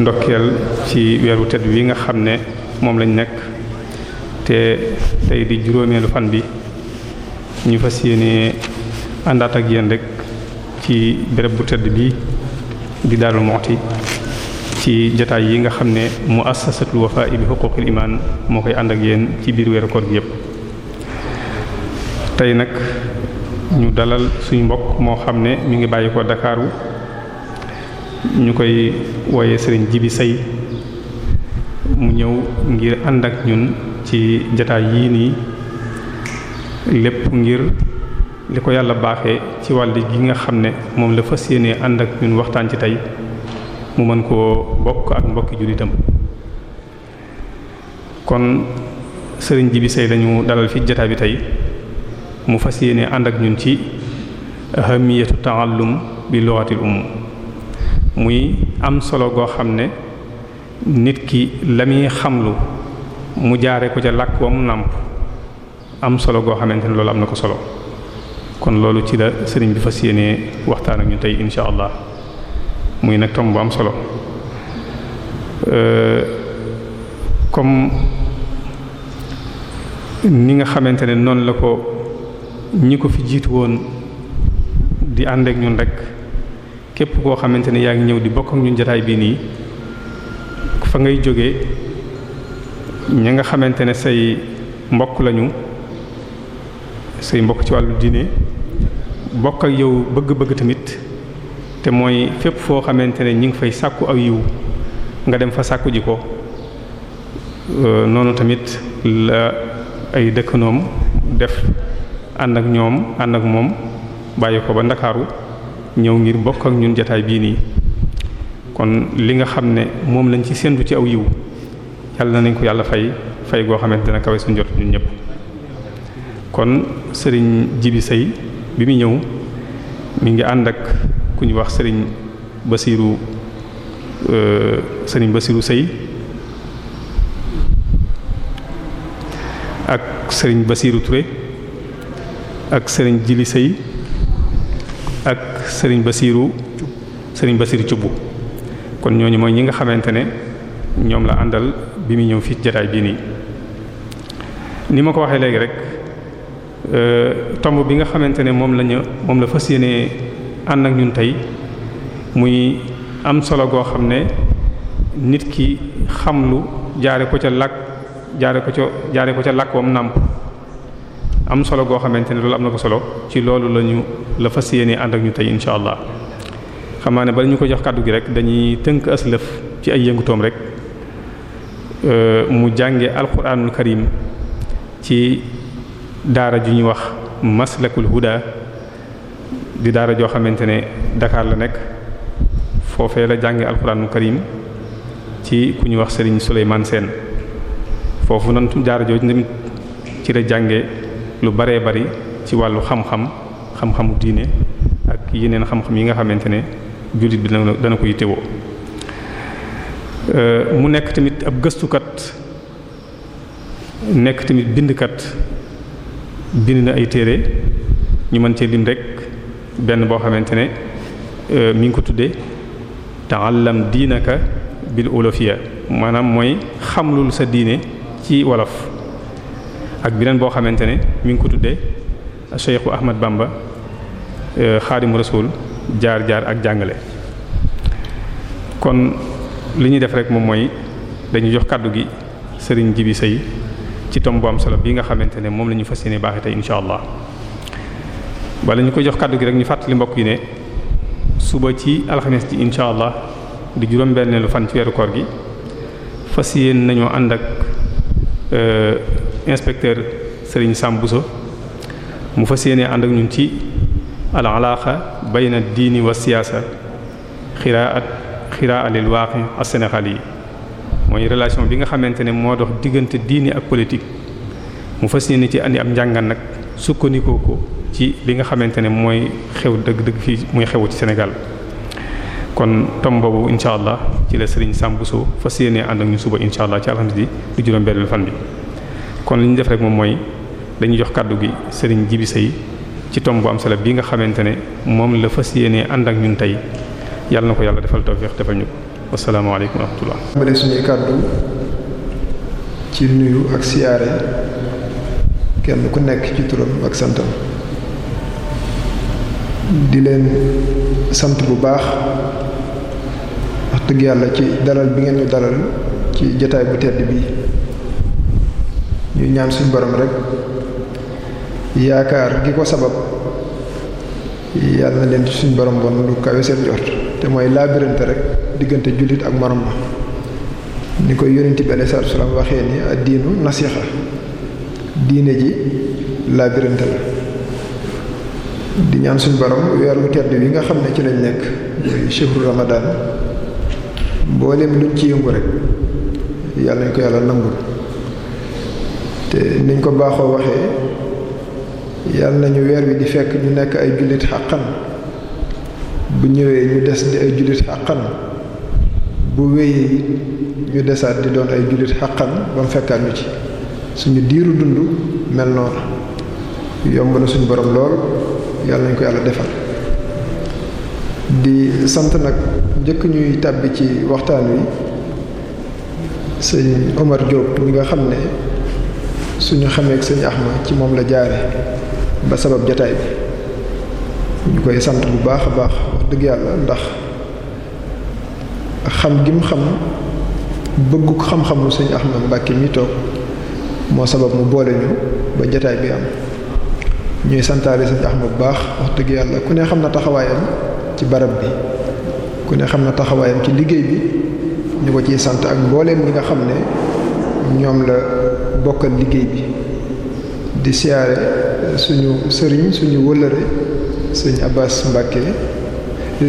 ndokkeel ci weeru tëdd wi nga xam ne moom lañ nekk te tey di juróomeelu fan bi ñu fas yéene àndaat ak yéen rek ci béréb bu tëdd bi di Darou Moukhty ci jataay yi nga xam ne mu assasatul wafa bi xuquqil iman moo koy ànd ak yéen ci biir weeru koor gi yëpp tey nag ñu dalal suñu mbokk moo xam ne mu ngi bàyyi ko Dakaaru ñu koy wooyee sëriñ Jibi say mu ñëw ngir ànd ak ñun ci jataay yii nii lépp ngir li ko yàlla baaxe ci wàll gi nga xam ne moom la fas yéene ànd ak ñun waxtaan ci tey mu mën koo bokk ak mbokki jullitam kon sëriñ Jibi Sey lañu dalal fi jataay bi tey mu fas yéene ànd ak ñun ci ahamiyatu ta'allum bi lughatil umm muy am solo goo xam ne nit ki la muy xamlu mu jaare ko ca làkk wa mu nàmp am solo goo xamante ne loolu am na ko solo kon loolu ci la sëriñ bi fas yéenee waxtaan ak ñu tey insha allah muy nag tomb am solo euh, comme ni nga xamante ne noonu la ko ñi ko fi jiitu woon di ànd ñun rek képp koo xamante ne yaa ngi ñëw di bokk ak ñun jotaay bii nii fa ngay jóge ñi nga xamante ne say mbokk lañu say mbokk ci wàllu diine bokk ak yow bëgg-bëgg tamit te mooy fépp foo xamante ne ñi ngi fay sàkku aw yiw nga dem fa sàkku ji ko euh, noonu tamit la ay dëkkanoom def ànd ak ñoom ànd ak moom bàyyi ko ba Ndakaaru ñëw ngir bokk ak ñun jataay bii nii kon li nga xam ne moom lañ ci séntu ci aw yiw yàlla nañ ko yàlla fay fay goo xamante dina kawe suñ jot ñun ñëpp kon sëriñ Jibi sëy bi mu ñëw mu ngi ànd ak ku ñu wax sëriñ Basiiru euh, sëriñ Basiiru Sey ak sëriñ Basiiru ture ak sëriñ Jili sëy sëriñ Basiiru sëriñ Basiiru Cubb kon ñooñu mooy ñi nga xamante ne ñoom la àndal bi mu ñëw fii jataay bi nii ni ma ko waxee léegi rek euh, tomb bi nga xamante ne moom lañu moom la fas yéenee ànd ak ñun tey muy am solo goo xam ne nit ki xam lu jaare ko ca làkk jaare ko ca jaare ko ca làkk wam nàmp am solo goo xamante ne loolu am na ko solo ci loolu la ñu la fas ànd ak ñu tey incha allah xamaa ne bala ñu ko jox kàddu gi rek dañuy tënk aslëf ci ay yëngutoom rek euh, mu jànge alquranul karim ci daara ju ñu wax maslakul huda di daara joo xamante ne dakaar la nekk foofee la jànge alquranul karim ci ku ñuy wax Serigne Souleymane seen foofu nan daara joo tamit ci la jànge lu baree bari ci wàllu xam-xam xam-xamu diine ak yeneen xam-xam yi nga xamante ne jullit bi dana dana ko yittewoo euh, mu nekk tamit ab gëstukat nekk tamit bindkat bind na ay téere ñu mën cee lim rek benn boo xamante ne euh, mi ngi ko tuddee ta'allam diinaka bil olofiya maanaam mooy xamlul sa diine ci wolof ak beneen boo xamante ne mi ngi ko tuddee Cheikhu Ahmad Bamba xaadimu euh, rasul jaar jaar ak jàngale. kon li ñuy def rek moom mooy dañu jox kàddu gi sëriñ Jibi Sey ci tom bu am solo bi nga xamante ne moom la ñu fas yéene baaxee tey incha allah bala ñu ko jox kàddu gi rek ñu fàttali mbokk yi ne suba ci alxames ji incha allah di juróom-benneelu fan ci weeru koor gi fas yéen nañoo ànd ak. Euh, inspecteur Serigne Sam mu fas yéene ànd ak ñun ci al bay na diini wa siyaasa xiraat xiraa alil waaqi as Sénégal yi mooy relation bi nga xamante ne moo dox diggante diini ak politique mu fas yéene ci andi am njàngan nag sukkandikoo ko ci li nga xamante ne mooy xew dëgg-dëgg fii muy xewu ci Sénégal kon tom boobu incha allah ci la Serigne Sam Bousso fas ànd ak ñu suba incha allah ci alxames ji du juróom-benn fan bi. kon li ñu def rek moom mooy dañuy jox kàddu gi sëriñ Jibi Sey ci tomb bu am solo bi nga xamante ne moom la fas yéenee ànd ak ñun tey yàlla na ko yàlla defal tawfiq defal ñu ko asalaamaaleykum wa rahmatullah. kàddu ci nuyu ak siyaare ku nekk ci turam ak santam di sant bu baax wax dëgg yàlla ci dalal bi ngeen ñu dalal ci jataay bu tedd bii. ñu ñaan suñu borom rek yaakaar gi ko sabab yàlla na leen suñu borom bon lu kawe seen jort te mooy laabirante rek diggante jullit ak morom ma ni koy yonent bi alayhi salaatu salaam waxee ni ad diinu nasiixa diine ji laabirante la di ñaan suñu borom weer wu tedd wi nga xam ne ci lañ nekk muy shahru ramadaan mboolem luñ ci yëngu rek yàlla nañ ko yàlla nangul te niñ ko baaxoo waxee yàlla nañu weer wi di fekk ñu nekk ay jullit xàqan bu ñëwee ñu des di ay jullit xàqan bu wéyee it desaat di doon ay jullit xàqan ba mu fekkaat ñu ci suñu diiru dund mel noonu yomb na suñu boroom lool yàlla nañ ko yàlla defal di sant nag njëkk ñuy tàbbi ci waxtaan wi sëñ Omar Diop mi nga xam ne suñu xamee ak sëñ ma ci moom la jaare ba sabab jataay bi ñu koy sant bu baax a baax wax dëgg yàlla ndax xam gi mu xam bëggu xam-xamu sëñ Ahma Mbàkke mi toog moo sabab mu boole ñu ba jataay bi am ñuy santaale sëñ ma bu baax wax dëgg yàlla ku ne xam na taxawaayam ci barab bi ku ne xam na taxawaayam ci liggéey bi ñu ko ciy sant ak mbooleem ñi nga xam ne ñoom la bokkal liggéey bi di siyaare suñu sëriñ suñu wëllëre sëñ Abbas Mbacke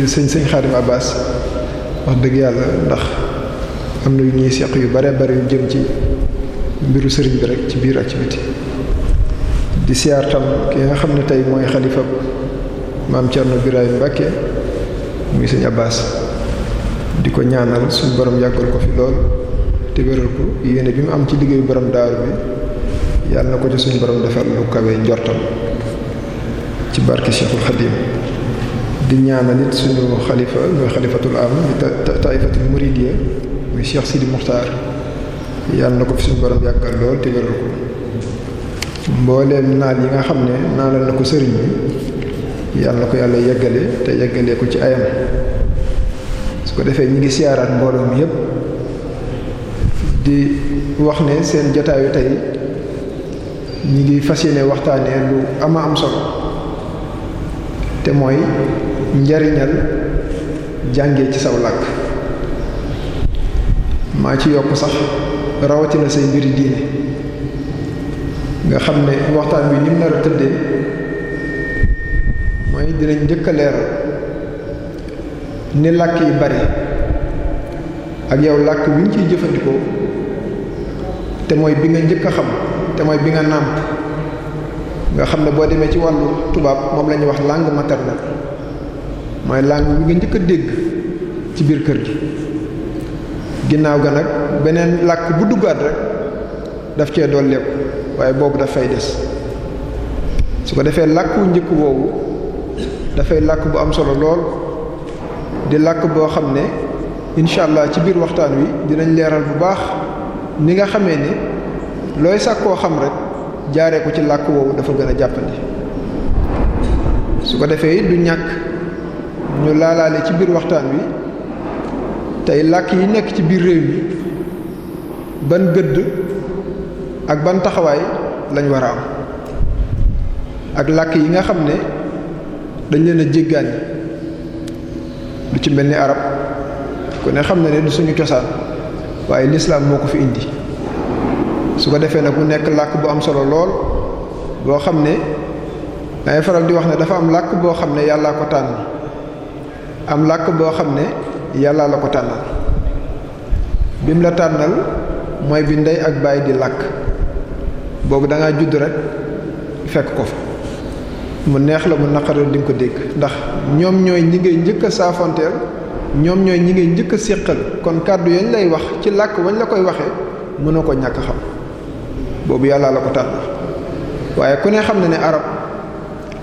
sëñ sëñ Xaadim Abbas wax dëgg yàlla ndax am na yu ñuy seq yu bare bare yu jëm ci mbiru sëriñ bi rek ci biir ak ci biti di siyaar tam ki nga xam ne tey mooy xalifa maam Thierno Birahim Mbacke muy sëñ Abbas di ko ñaanal suñ borom yàggal ko fi lool te wéral ko yéene bi mu am ci liggéeyu borom daaru bi yàlla na ko ci suñu borom defal lu kawe njortam ci barke Cheikhul Khadim di ñaanal nit suñu xalifa muy xalifatul am taifatul muridiyya muy Cheikh Sidi Muxtaar yàlla na ko fi suñu borom yàggal lool te wéral ko mbooleem naal yi nga xam ne naalal na ko sëriñ bi yàlla na ko yàlla yeggale te yeggalee ko ci ayam su ko defee ñu ngi siyaaraat mbooloo mi yépp di wax ne seen jotaayu tey ñi ngi fas yéene waxtaanee lu ama am solo te mooy njariñal jàngee ci saw làkk maa ci yokk sax rawatina say mbiri diine nga xam ne waxtaan bi nim nar a tëddee mooy dinañ njëkk a leeral ni làkk yi bari ak yow làkk wi ñu ciy jëfandikoo te mooy bi nga njëkk a xam te mooy bi nga nàmp nga xam ne boo demee ci wàllu tubaab moom la ñuy wax langue maternelle mooy langue bi nga njëkk a dégg ci biir kër gi ginnaaw ga nag beneen làkk bu duggaat rek daf cee dolleeku waaye boobu daf fay des su ko defee làkku njëkk woowu dafay làkk bu am solo lool di làkk boo xam ne incha allah ci biir waxtaan wi dinañ leeral bu baax ni nga xamee ne looy sàkkoo xam rek jaare ko ci làkk woowu dafa gën a jàppandi su ko defee it du ñàkk ñu laalaale ci biir waxtaan wi tey làkk yi nekk ci biir réew mi ban gëdd ak ban taxawaay lañ war a ak làkk yi nga xam ne dañ leen a jéggaan lu ci mel ni arab ku ne xam na ne du suñu cosaan waaye lislaam moo ko fi indi su ko defee nag mu nekk làkk bu am solo lool boo xam ne dangay faral di wax ne dafa am làkk boo xam ne yàllaa ko tànn am làkk boo xam ne yàllaa la ko tànnal bim mooy bi ndey ak baay di làkk boobu da ngaa judd rek fekk ko fa mu neex la mu naqareel di nga ko dégg ndax ñoom ñooy ñi ngay njëkk a saafanteel ñoom ñooy ñi ngay njëkk a kon kàddu yañ lay wax ci làkk wañ la koy waxee mënoo ko ñàkk xam boobu yàlla la ko tànn waaye ku ne xam na ne arab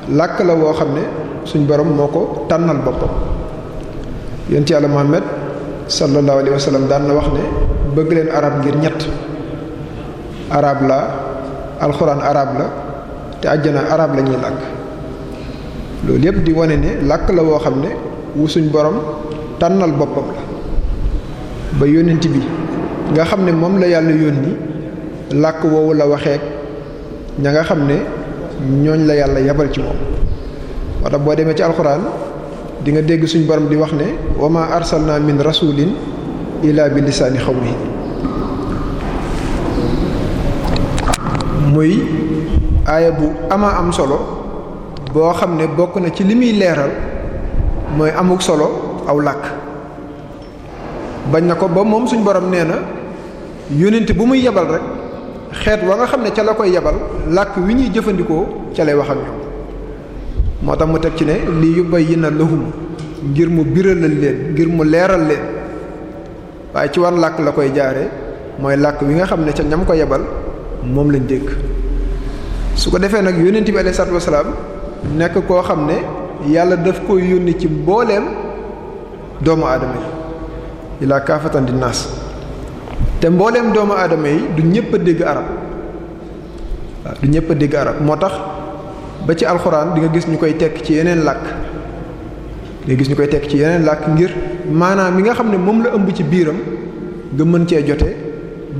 làkk la woo xam ne suñ borom moo ko tànnal boppam yonent yàlla Muhammad sallallahu alayhi wa sallam daan na wax ne bëgg leen arab ngir ñett arab la alxuraan arab la te àjj na arab la ñuy làkk loolu yépp di wane ne làkk la woo xam ne wu suñ boroom tànnal boppam la ba yónnent bi nga xam ne moom la yàlla yónni làkk woowu la waxeek ña nga xam ne ñooñ la yàlla yabal ci moom moo tax boo demee ci alxuraan di nga dégg suñu borom di wax ne wa ma arsalna min rasulin illa bi lisaani xawmihi muy aaya bu ama am solo boo xam ne bokk na ci li muy leeral mooy amuk solo aw làkk bañ na ko ba moom suñ borom nee na yónent bu muy yebal rek xeet wa nga xam ne ca la koy yebal làkk wi ñuy jëfandikoo ca lay wax ak ñoom moo tax mu teg ci ne lii li yubayyina lahum ngir mu biralal leen ngir mu leeral leen waaye ci wan làkk la koy jaare mooy làkk wi nga xam ne ca ñam ko yebal moom lañ dégg su ko defee nag yónnent bi alayhi salaatu wasalaam nekk koo xam ne yàlla daf koy yónni ci mbooleem doomu aadama yi ilaa kaafatan di naas te mbooleem doomu aadama yi du ñëpp a dégg arab waaw du ñëpp a dégg arab moo tax ba ci alxuraan di nga gis ñu koy tekk ci yeneen làkk di ñu koy tekk ci yeneen làkk ngir maanaam mi nga xam ne moom la ëmb ci biiram nga mën cee jote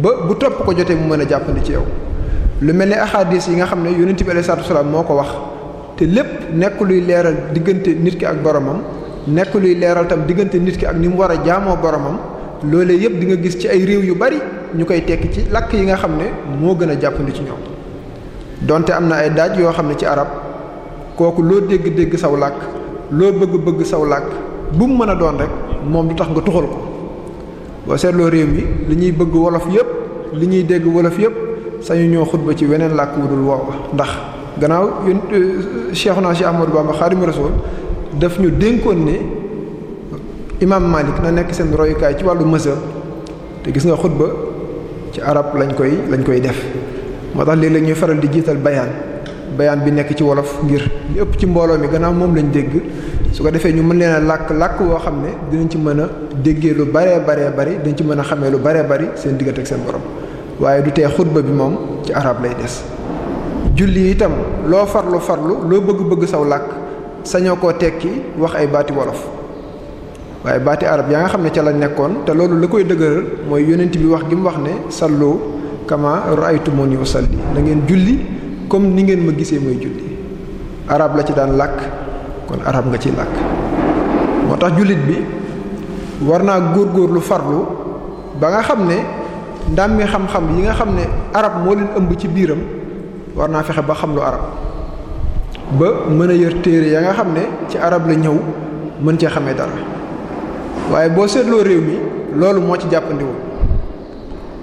ba bu topp ko jotee mu mën a jàppandi ci yow lu mel ne axadis yi nga xam ne yonent bi alayhi salaatu wasalaam moo ko wax te lépp nekk luy leeral diggante nit ki ak boromam nekk luy leeral tam diggante nit ki ak ni mu war a jaamoo boromam loolee yëpp di nga gis ci ay réew yu bari ñu koy tekki ci làkk yi nga xam ne moo gën a jàppandi ci ñoom donte am na ay daaj yoo xam ne ci arab kooku loo dégg-dégg saw làkk loo bëgg-bëgg saw làkk bu mu mën a doon rek moom du tax nga tuxal ko boo seetloo réew mi li ñuy bëgg wolof yëpp li ñuy dégg wolof yëpp sañu ñoo xutba ci weneen làkk wu dul woowa ndax gannaaw yéen Cheikhuna Cheikh Ahmadou Bamba Xaadimu Rasuul daf ñu dénkoon ne imam Malik na nekk seen royukaay ci wàllu mësa te gis nga xutba ci arab lañ koy lañ koy def moo tax léeg-léeg ñuy faral di jiital bayaan bayaan bi nekk ci wolof ngir ñu ci mbooloo mi gannaaw moom lañ dégg su ko defee ñu mën leen làkk làkk woo xam ne dinañ ci mën a déggee lu baree baree bari dinañ ci mën a xamee lu baree bari seen diggante ak seen borom waaye du tee xutba bi moom ci arab lay des julli itam loo farlu farlu loo bëgg-bëgg saw làkk sañoo koo tekki wax ay baati wolof waaye baati arab yaa nga xam ne ca la nekkoon te loolu la koy dëgëral mooy yonent bi wax gi mu wax ne sallu kama ra'aytumuni usalli na ngeen julli comme ni ngeen ma gisee mooy julli arab la ci daan làkk kon arab nga ci làkk moo tax jullit bi war naa góor góor lu farlu ba nga xam ne ndàmmi xam-xam yi nga xam ne arab moo leen ëmb ci biiram war naa fexe ba xam lu arab ba mën a yër téere ya nga xam ne ci arab la ñëw mën cee xame dara waaye boo seetloo réew mi loolu moo ci jàppandiwul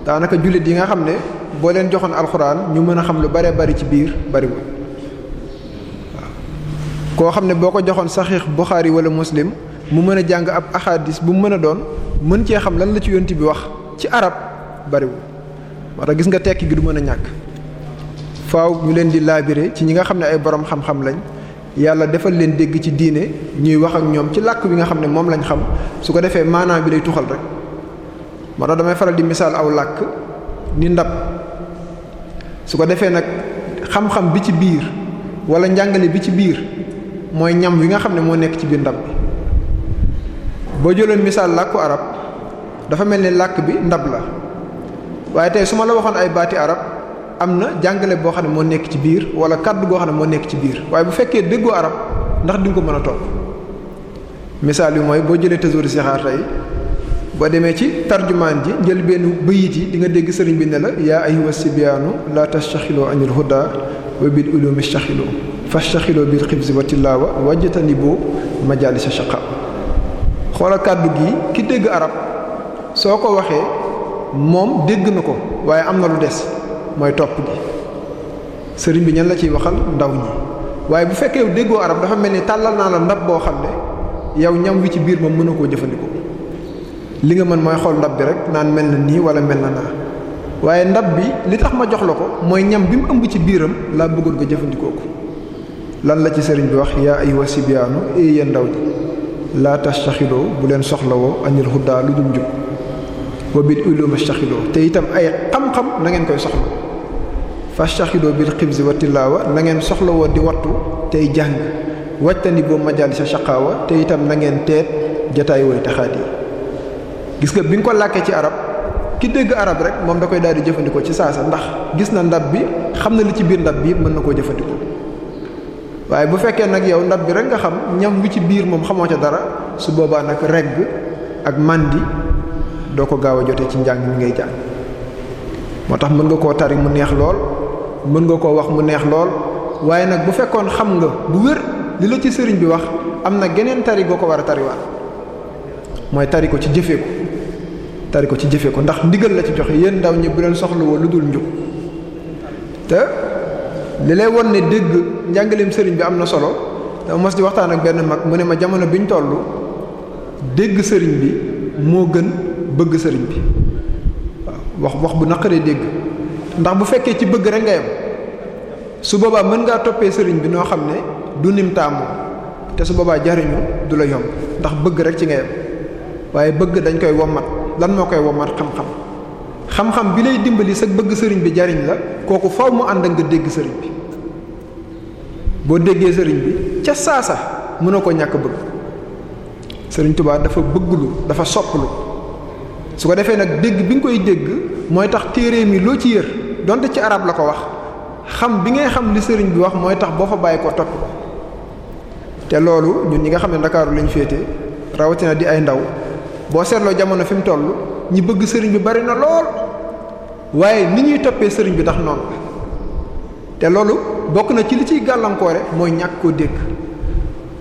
daanaka jullit yi nga xam ne boo leen joxoon alxuraan ñu mën a xam lu bare bari ci biir bariwul koo xam ne boo ko joxoon saxiix Buxaari wala muslim mu mën a jàng ab axadis bu mu mën a doon mën cee xam lan la ci yonti bi wax ci arab bariwul moo gis nga tekk gi du mën a ñàkk faaw ñu leen di laabire ci ñi nga xam ne ay borom xam-xam lañ yàlla defal leen dégg ci diine ñuy wax ak ñoom ci làkk bi nga xam ne moom lañ xam su ko defee maanaam bi day tuxal rek moo tax damay faral di misaal aw làkk ni ndab su ko defee nag xam-xam bi ci biir wala njàngale bi ci biir mooy ñam wi nga xam ne moo nekk ci biir ndab bi boo jëloon misaal làkku arab dafa mel ni làkk bi ndab la waaye tey su ma la waxoon ay baati arab am na jàngale boo xam ne moo nekk ci biir wala kàddu goo xam ne moo nekk ci biir waaye bu fekkee déggoo arab ndax di ko mën a topp misaal yi mooy boo jëlee tësoori sixaar tey boo demee ci tarjumaan ji njël benn bëyit yi di nga dégg sëriñ bi ne la yaa ayyuha sibiyaanu la tastaxiloo anil huda wa bil ulumi staxiloo fastaxiloo bil xibsi wa tilaawa wajtanibu majalisa shaqa xoola kàddu gi ki dégg arab soo ko waxee moom dégg na ko waaye am na lu des mooy topp gi sëriñ bi ñan la ciy waxal ndaw ñi waaye bu fekkee déggoo arab dafa mel ni tàllal naa la ndab boo xam ne yow ñam wi ci biir moom mën a koo jëfandikoo li nga mën mooy xool ndab bi rek naan mel na nii wala mel na naa waaye ndab bi li tax ma jox la ko mooy ñam bi mu ëmb ci biiram laa bëggoon nga jëfandikoo ko lan la ci sëriñ bi wax yaa ayyuha sibyaanu ndaw ji laa tastaxiloo bu leen soxlawoo anil huddaa lu dul njub wa bil ulum tastaxiloo te itam ay xam-xam na ngeen koy soxla fastaxido bil xibsi wa tilaawa na ngeen soxla di wattu tey jàng wajtani boo majaali sa shaqaawa te itam na ngeen teet jataay wooy taxaat yi gis nga bi nga ko làkkee ci arab ki dégg arab rek moom da koy daal di jëfandikoo ci saasa ndax gis na ndab bi xam na li ci biir ndab bi mën na koo jëfandikoo waaye bu fekkee nag yow ndab bi rek nga xam ñam bi ci biir moom xamoo ca dara su boobaa nag regg ak màndi doo ko gaaw a jotee ci njàng mi ngay jàng moo tax mën nga koo tari mu neex lool mën nga ko wax mu neex lool waaye nag bu fekkoon xam nga bu wér li la ci sëriñ bi wax am na geneen tari boo ko war a tari tariwaat mooy tari ko ci jëfee ko tari ko ci jëfee ko ndax ndigal la ci joxe yéen ndaw ñi bu leen soxlawoo lu dul njub te li lay won ne dégg njàngaleem sëriñ bi am na solo dama mos di waxtaan ak benn mag mu ne ma jamono bi ñu toll dégg sëriñ bi moo gën bëgg sëriñ bi. wax wax bu naqaree dégg ndax bu fekkee ci bëgg rek nga yem su boobaa mën ngaa toppee sëriñ bi noo xam ne du nim taamu te su boobaa jariñu du la yomb ndax bëgg rek ci nga waaye bëgg dañ koy wommat lan moo koy wommat xam-xam xam-xam bi lay dimbali sa bëgg sëriñ bi jariñ la kooku faw mu ànd ak nga dégg sëriñ bi boo déggee sëriñ bi ca saasa mënoo ko ñàkk bëgg sëriñ Tuubaa dafa bëgglu dafa sopplu su ko defee nag dégg bi nga koy dégg mooy tax téere mi loo ci yër donte ci arab la ko wax xam bi ngay xam li sëriñ bi wax mooy tax boo fa bàyyi ko topp ko te loolu ñun ñi nga xam ndakaaru lañ féete rawatina di ay ndaw boo seetloo jamono fi mu toll ñi bëgg sëriñ bi bari na lool waaye ni ñuy toppee sëriñ bi ndax noonu te loolu bokk na ci li ciy gàllankoore mooy ñàkk koo dégg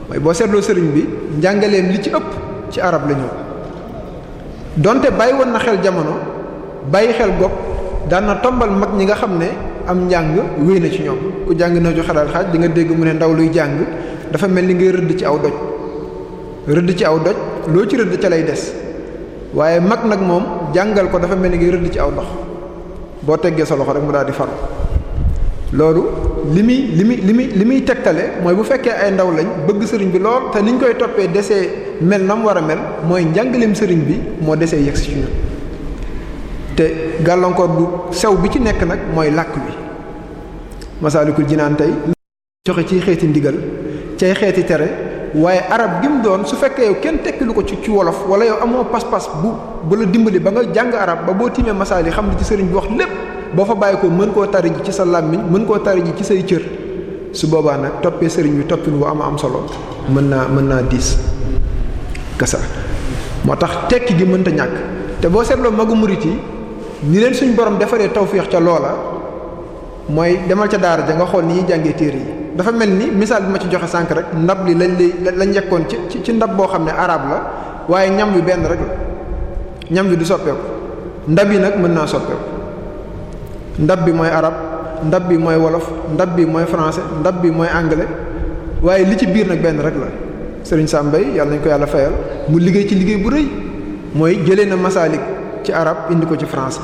mooy boo seetloo sëriñ bi njàngaleem li ci ëpp ci arab la ñëw donte bàyyi woon na xel jamono bàyyi xel gopp daan na tombal mag ñi nga xam ne am njàng wéy na ci ñoom ku jàng na ju xalaat xaaj di nga dégg mu ne ndaw luy jàng dafa mel ni ngay rëdd ci aw doj rëdd ci aw doj loo ci rëdd ca lay des waaye mag nag moom jàngal ko dafa mel ni ngay rëdd ci aw ndox boo tegee sa loxo rek mu daal di faru loolu li muy li mu li muy li muy tegtale mooy bu fekkee ay ndaw lañ bëgg sëriñ bi lool te niñ koy toppee desee mel nam war a mel mooy njàngaleem sëriñ bi moo desee yegg ci ñun te gàllankoor bu sew bi ci nekk nag mooy làkk bi masaalikul jinaan tey joxe ciy xeeti ndigal cay xeeti tere waaye arab gi mu doon su fekkee yow kenn tekki lu ko ci ci wolof wala yow amoo pas-pas bu bu la dimbali ba nga jàng arab ba boo tiimee masaal yi xam ne ci sëriñ bi wax lépp boo fa bàyyi ko mën koo tari ji ci sa làmmiñ mën koo tari ji ci say cër su boobaa nag toppee sëriñ bi toppin wu am am solo mën naa mën naa diis kasa moo tax tekki gi mënta ñàkk te boo seetloo magu murit yi leen suñu borom defaree tawféex ca loola mooy demal ca daara ja nga xool ni jàngee téere yi dafa mel ni misaal bi ma ci joxe sànq rek ndab li lañ lay lañ yekkoon ci ci ndab boo xam ne arab la waaye ñam wi benn rek la ñam wi du soppeeku ndab yi nag mën naa soppeeku ndab bi mooy arab ndab bi mooy wolof ndab bi mooy français ndab bi mooy anglais waaye li ci biir nag benn rek la Serigne mbay yàlla nañ ko yàlla fayal mu liggéey ci liggéey bu rëy mooy jëlee na masaalik ci arab indi ko ci français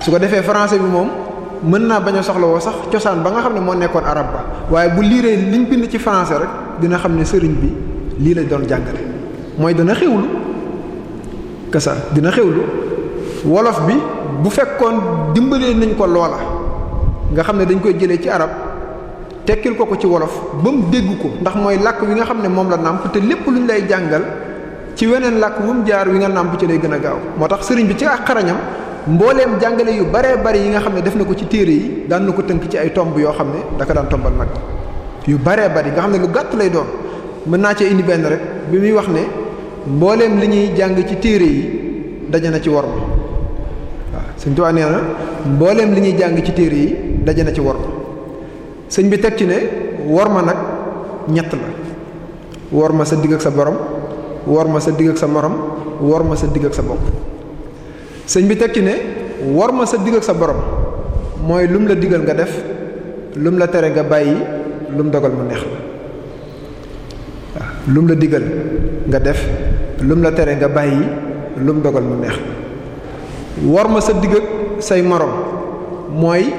su ko defee français bi moom. mën naa bañ a soxlawoo sax cosaan ba nga xam ne moo nekkoon arab ba waaye bu liiree liñ bind ci français rek dina xam ne sëriñ bi lii lay doon jàngale mooy dana xewlu kasa dina xewlu wolof bi bu fekkoon dimbalee nañ ko loola nga xam ne dañ koy jëlee ci arab tekkil ko ko ci wolof ba mu dégg ko ndax mooy làkk wi nga xam ne moom la nàmp te lépp luñ lay jàngal ci weneen làkk wu mu jaar wi nga nàmp ci lay gën a gaaw moo tax sëriñ bi ci ak xarañam mbooleem jàngale yu baree bari yi nga xam ne def na ko ci téere yi daan na ko tënk ci ay tomb yoo xam ne daka daan tombal nag yu baree bari nga xam ne lu gàtt lay doon mën naa cee indi benn rek bi muy wax ne mbooleem li ñuy jàng ci téere yi daje na ci wor ma waaw sëñ Tuubaa li ñuy jàng ci téere yi daje na ci wor sëñ bi teg ci ne wor ma nag ñett la wor ma sa digg ak sa borom wor ma sa digg ak sa morom wor ma sa digg ak sa bopp sëñ bi teg ne war ma sa digg sa borom mooy lum la digal nga def lum la tere nga bàyyi lum dogal mu neex la lum la digal nga def lum la tere nga bàyyi lum dogal mu neex war ma sa digg say morom mooy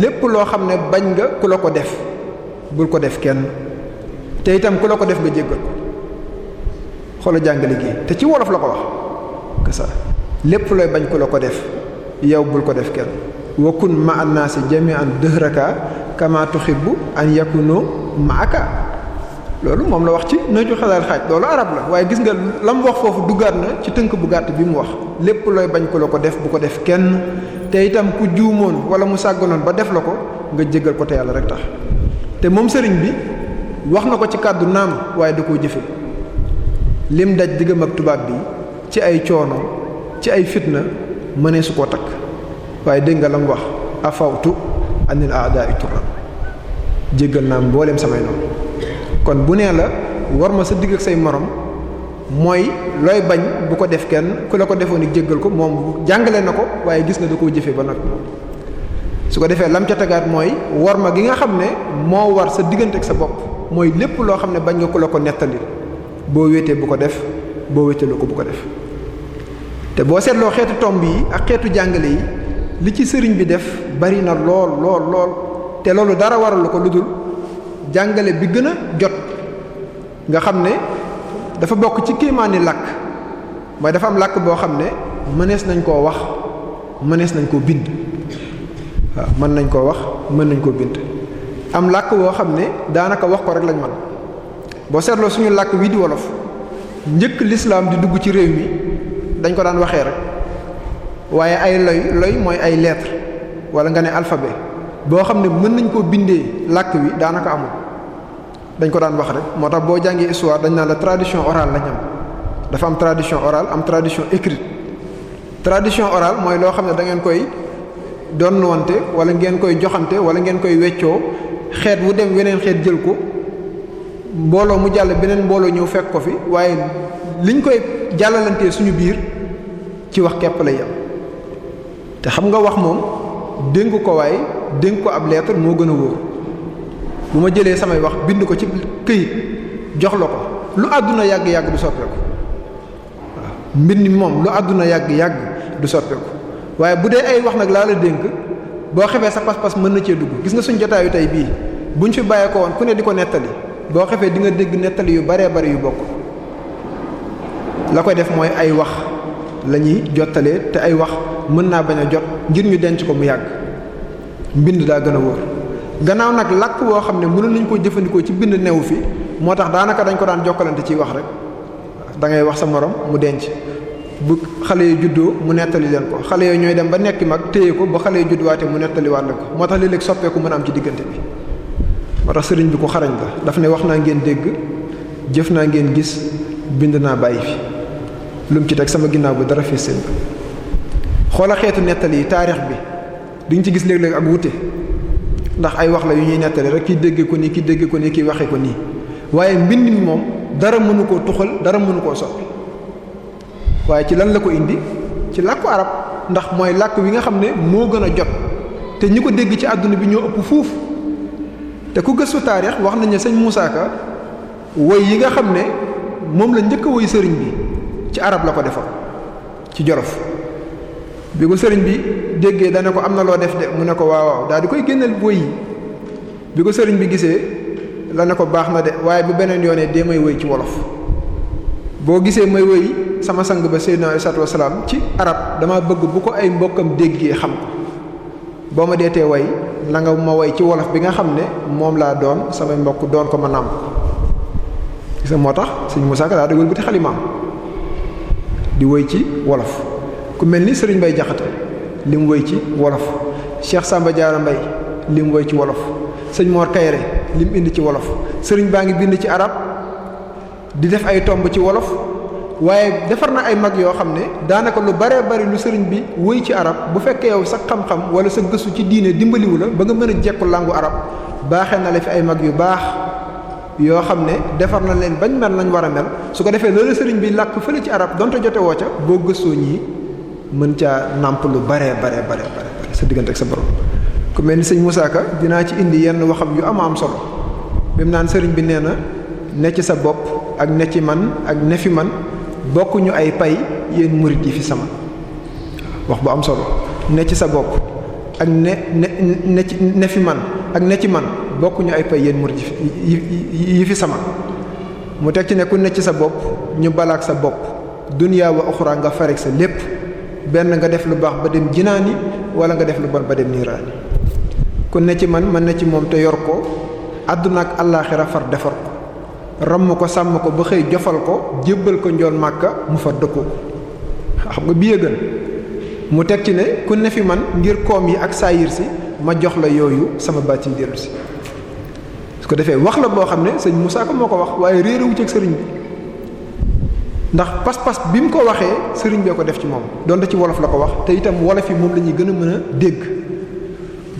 lépp loo xam ne bañ nga ku la ko def bul ko def kenn te itam ku la ko def ba jéggal ko xoola jàngale gi te ci wolof la ko wax kasa lépp looy bañ ku la ko def yow bul ko def kenn wa kun ma annaasi jami'an dëhraka kama tuhibbu an yakunu ma'aka loolu moom la wax ci naju xalaat xaaj loolu arab la waaye gis nga lam wax foofu duggaat na ci tënk bu gàtt bi mu wax lépp looy bañ ku la ko def bu ko def kenn te itam ku juumoon wala mu sàgganoon ba def la ko nga jégal ko te yàlla rek tax te moom sëriñ bi wax na ko ci kàddu naam waaye da ko jëfe lim daj diggam ak tubaab bi ci ay coono ci ay fitna mënee su koo takk waaye dégg nga la mu wax afawtu anil a'da'i turra jéggal naa mbooleem samay noonu kon bu nee la war ma sa digg ak say morom mooy looy bañ bu ko def kenn ku la ko defoon ni jéggal ko moom jàngale na ko waaye gis na da koo jëfee ba nag su ko defee lam ca tagaat mooy war ma gi nga xam ne moo war sa diggante ak sa bopp mooy lépp loo xam ne bañ nga ku la ko nettali boo wéetee bu ko def boo wéetaloo ko bu ko def te boo seetloo xeetu tomb yi ak xeetu jàngale yi li ci sëriñ bi def bari na lool lool lool te loolu dara waralu ko lu dul jàngale bi gën a jot nga xam ne dafa bokk ci kéemaani làkk mooy dafa am làkk boo xam ne mënees nañ koo wax mënees nañ ko bind mën nañ ko wax mën nañ ko bind am làkk woo xam ne daanaka wax ko rek lañu man boo seetloo suñu làkk wii di wolof njëkk lislaam di dugg ci réew mi dañ ko daan waxee rek waaye ay loy loy mooy ay lettre wala nga ne alphabet boo xam ne mën nañ koo bindee làkk wi daanaka amul dañ ko daan wax rek moo tax boo jàngee histoire dañ naan la tradition orale lañ am dafa am tradition orale am tradition écrite tradition orale mooy loo xam ne da ngeen koy donnuwante wala ngeen koy joxante wala ngeen koy weccoo xeet wu dem weneen xeet jël ko mbooloo mu jàll beneen mbooloo ñëw fekk ko fi waaye liñ koy jàllalantee suñu biir ci wax képp la yem te xam nga wax moom dénk ko waaye dénk ko ab lettre moo gën a wóor bu ma jëlee samay wax bind ko ci këyit jox la ko lu àdduna yàgg-yàgg du soppeeku waaw mi moom lu àdduna yàgg-yàgg du soppeeku waaye bu dee ay wax nag laa la dénk boo xefee sa pas-pas mën na cee dugg gis nga suñ jotaayu tey bii buñ fi bàyyee ko woon ku ne di ko nettali boo xefee di nga dégg nettali yu baree bari yu bokk la koy def mooy ay wax la ñuy jottalee te ay wax mën naa bañ a jot ngir ñu denc ko mu yàgg mbind daa gën a wóor gannaaw nag làkk woo xam ne mënoon nañ koo jëfandikoo ci bind newu fi moo tax daanaka dañ ko daan jokkalante ciy wax rek da ngay wax sa moroom mu denc bu xale yi juddoo mu nettali leen ko xale yooyu ñooy dem ba nekk mag téye ko ba xale yi judduwaate mu nettaliwaat leen ko moo tax léeg-léeg soppeeku mën a am ci diggante bi moo tax sëriñ bi ko xarañ la daf ne wax naa ngeen dégg jëf naa ngeen gis bind naa bàyyi fi lu mu ci teg sama ginnaaw bi dara fee seen xoola xeetu nettali yi taarix bi duñ ci gis léeg-léeg ak wute ndax ay wax la yu ñuy nettali rek ki dégg ko nii ki dégg ko nii ki waxe ko nii waaye mbind mi moom dara mënu koo tuxal dara mënu koo soppi waaye ci lan la ko indi ci làkku arab ndax mooy làkk wi nga xam ne moo gën a jot te ñi ko dégg ci àdduna bi ñoo ëpp fuuf te ku gëstu taarix wax nañ ne sëñ Moussa Ka woy yi nga xam ne moom la njëkk a woy sëriñ bi ci arab la ko defoon ci jolof bi ko sëriñ bi déggee dana ko am na loo def de mu ne ko waaw waaw daal di koy génneel woy yi bi ko sëriñ bi gisee la ne ko baax na de waaye bu beneen yoonee dee may woy ci wolof boo gisee may woy sama sang ba Seydina alayhi salaatu ci arab dama bëgg bu ko ay mbokkam déggee xam ko boo ma deetee way na nga ma woy ci wolof bi nga xam ne moom laa doon samay mbokk doon ko ma nàmp gis moo tax sëñ Moussa Ka daa dëggal bu ti xalimaam di woy ci wolof ku mel ni sëriñ bay Jaxate li mu woy ci wolof Cheikh Samba Diarra mbay li mu woy ci wolof sëñ Mor Kayre li indi ci wolof sëriñ baa ngi bind ci arab di def ay tomb ci wolof waaye defar na ay mag yoo xam ne daanaka lu baree bari lu sëriñ bi wëy ci arab bu fekkee yow sa xam-xam wala sa gëstu ci diine dimbaliwu la ba nga mën a jekku làngu arab baaxee na la fi ay mag yu baax yoo xam ne defar na leen bañ mel nañ war a mel su ko defee loolu sëriñ bi làkk fële ci arab donte jote woo ca boo gëstoo ñii mën caa nàmp lu baree baree baree bare sa diggante ak sa borom ku mel ni sëñ Moussa dinaa ci indi yenn waxam yu am solo bi naan sëriñ bi nee na ne ci sa bopp ak ne ci man ak ne man bokkuñu ay pay yéen murit yi fi sama wax bu am solo ne ci sa bopp ak ne ne fi man ak ne ci man bokkuñu ay pay yéen murid yi fi sama mu teg ci ne ku ne ci sa bopp ñu balaak sa bopp dunyaa wa nga farek sa lépp benn nga def lu baax ba dem jinaani wala nga def lu bon ba dem niiraani ku ne ci man mën na ci moom te yor ko àdduna ak àllaaxira far defar ko ramm ko sàmm ko ba xëy jofal ko jébbal ko njoon màkka mu fa dëkku xam nga bi gën mu teg ci ne ku ne fi man ngir koom yi ak saayir si ma jox la yooyu sama baatin dellu si su ko defee wax la boo xam ne sëñ Moussa ko moo ko wax waaye réeréwu ci ak sëriñ bi ndax pas-pas bi mu ko waxee sëriñ bee ko def ci moom donte ci wolof la ko wax te itam wolof yi moom la ñuy gën a mën a dégg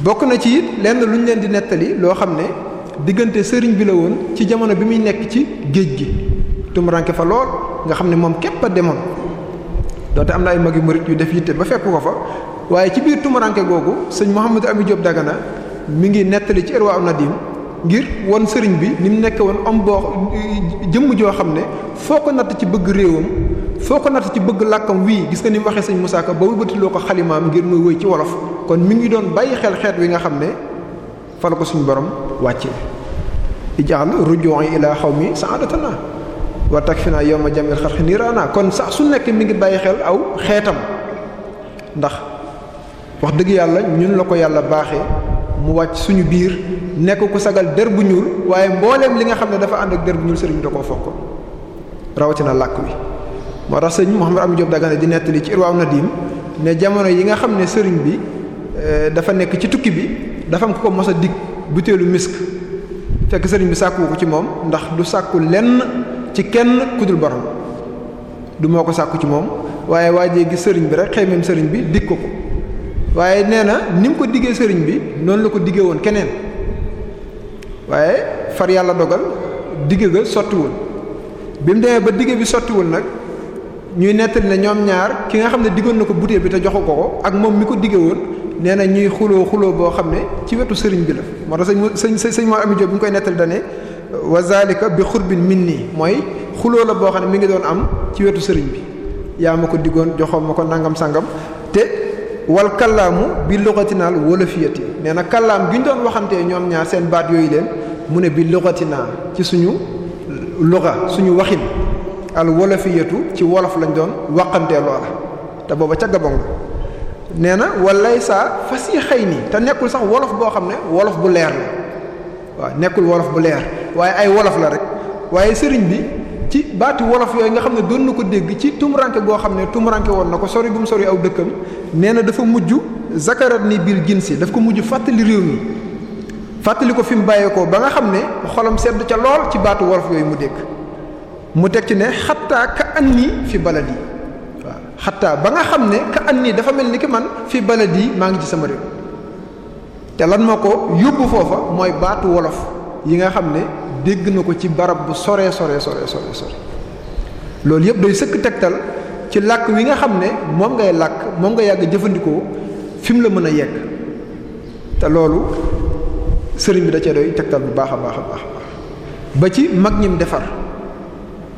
bokk na ci it lenn lu ñu leen di nettali loo xam ne diggante sëriñ bi la woon ci jamono bi muy nekk ci géej gi tumuranke fa lool nga xam ne moom képp a demoon donte am na ay mag yu murit yu def yitte ba fekk ko fa waaye ci biir tumuranke googu sëñ Mouhamadou Ami Diop Dagana mi ngi nettali ci Irwa Nadim ngir won sëriñ bi ni mu nekkee woon am boo jëmm joo xam ne foo ko natt ci bëgg réewam foo ko natt ci bëgg làkkam wii gis nga ni mu waxee sëñ Moussa Ka ba wëlbatiloo ko xalimaam ngir muy wëy ci wolof kon mi ngi doon bàyyi xel xeet wi nga xam ne fa la ko suñu borom wàcce ijaal ruju'i ila xawmi sa'adatana wa takfina yawma jamil xarxi niiraana kon sax su nekk mi ngi bàyyi xel aw xeetam ndax wax dëgg yàlla ñun la ko yàlla baaxee mu wàcc suñu biir nekk ko sagal der bu ñuul waaye mbooleem li nga xam ne dafa ànd ak der bu ñuul sëriñ bi koo fonk rawatina làkk wi. moo tax sëñ Mouhamed Amady Diop Dagana di nettali ci Irwaaw Nadim ne jamono yi nga xam ne sëriñ bi eh, dafa nekk ci tukki bi dafa am ko ko mos a dig butéelu misk fekk sëriñ bi sàkkuwu ko ci moom ndax du sàkku lenn ci kenn kudul borom du moo ko sàkku ci moom waaye waajee gi sëriñ bi rek xëy sëriñ bi dig ko ko. waaye nee na ni mu ko diggee sëriñ bi noonu la ko diggee woon keneen waaye far yàlla dogal digge ga sottiwul bi mu demee ba digge bi sottiwul nag ñuy nettali ne ñoom ñaar ki nga xam ne diggoon na ko butéel bi te joxu ko ko ak moom mi ko digge woon nee na ñuy xuloo xuloo boo xam ne ci wetu sëriñ bi la moo tax sëñ sëñ sëñ moo ami Jóob bi ñu koy nettali dane wazalika bi xurbin min nii mooy xuloo la boo xam ne mi ngi doon am ci wetu sëriñ bi yaa ma ko diggoon joxoon ko nangam sangam wal kàllaamu bi luxatinaa wolofiyati nee na kàllaam gi ñu doon waxantee ñoom ñaar seen baat yooyu leen mu ne bi naa ci suñu luxa suñu waxin al wolofiyatu ci wolof lañ doon waxantee loola te booba ca gabon nee na walay saa fas yi xëy nii te nekkul sax wolof boo xam ne wolof bu leer la waaw nekkul wolof bu leer waaye ay wolof la rek waaye sëriñ bi ci baatu wolof yooyu nga xam ne doon na ko dégg ci tumuranke goo xam ne tumuranke woon na ko sori bu mu sori aw dëkkam nee na dafa mujj zakarat ni biir gin si daf ko mujj fàttali réew mi fàttali ko fi mu bàyyeekoo ba nga xam ne xolam sedd ca lool ci baatu wolof yooyu mu dégg mu teg ci ne xattaa ka an nii fi baladi waaw xattaa ba nga xam ne ka an nii dafa mel ni ki man fi baladi maa ngi ci sama réew te lan ma ko yóbbu foofa mooy baatu wolof yi nga xam ne dégg na ko ci barab bu sore sore sore sore loolu yëpp doy sëkk tegtal ci làkk wi nga xam ne moom ngay làkk moom nga yàgg jëfandikoo fi mu la mën a yegg te loolu sëriñ bi da cee doy tegtal bu baax a baax a baax ba ci mag ñim defar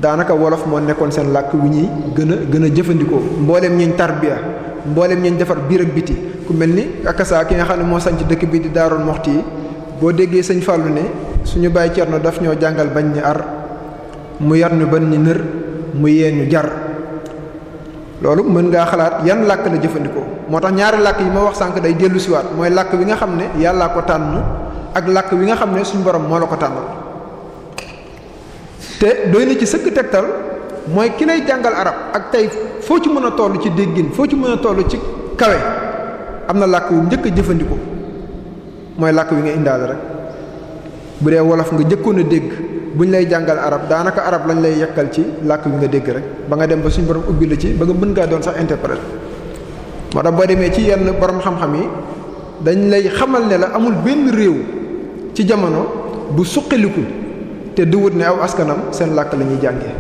daanaka wolof moo nekkoon seen làkk wi ñuy gën a gën a jëfandikoo mboolem ñeñ tarbiya mboolem ñeñ defar biir ak biti ku mel ni akasa ki nga xam ne moo sañ dëkk bi di daaroon moxti yi boo déggee sëñ Fallou ne suñu bàyyi cerno daf ñoo jàngal bañ ni ar mu yar ñu ban ni nër mu yee ñu jar loolu mën ngaa xalaat yan làkk la jëfandikoo moo tax ñaari làkk yi ma wax sànq day dellu siwaat mooy làkk wi nga xam ne yàllaa ko tànn ak làkk wi nga xam ne suñu borom moo la ko tànnal te doy na ci sëkk tegtal mooy ki lay jàngal arab ak tey foo ci mën a toll ci déggin foo ci mën a toll ci kawe am na làkk wu njëkk a jëfandikoo mooy làkk wi nga indaale rek bu dee wolof nga jëkkoon a dégg buñ lay jàngal arab daanaka arab lañ lay yekkal ci làkk bi nga dégg rek ba nga dem ba suñ borom ubbi la ci ba nga mën ngaa doon sax interprète moo tax boo demee ci yenn borom xam-xam yi dañ lay xamal ne la amul benn réew ci jamono bu suqaliku te du wut ne aw askanam seen làkk lañuy ñuy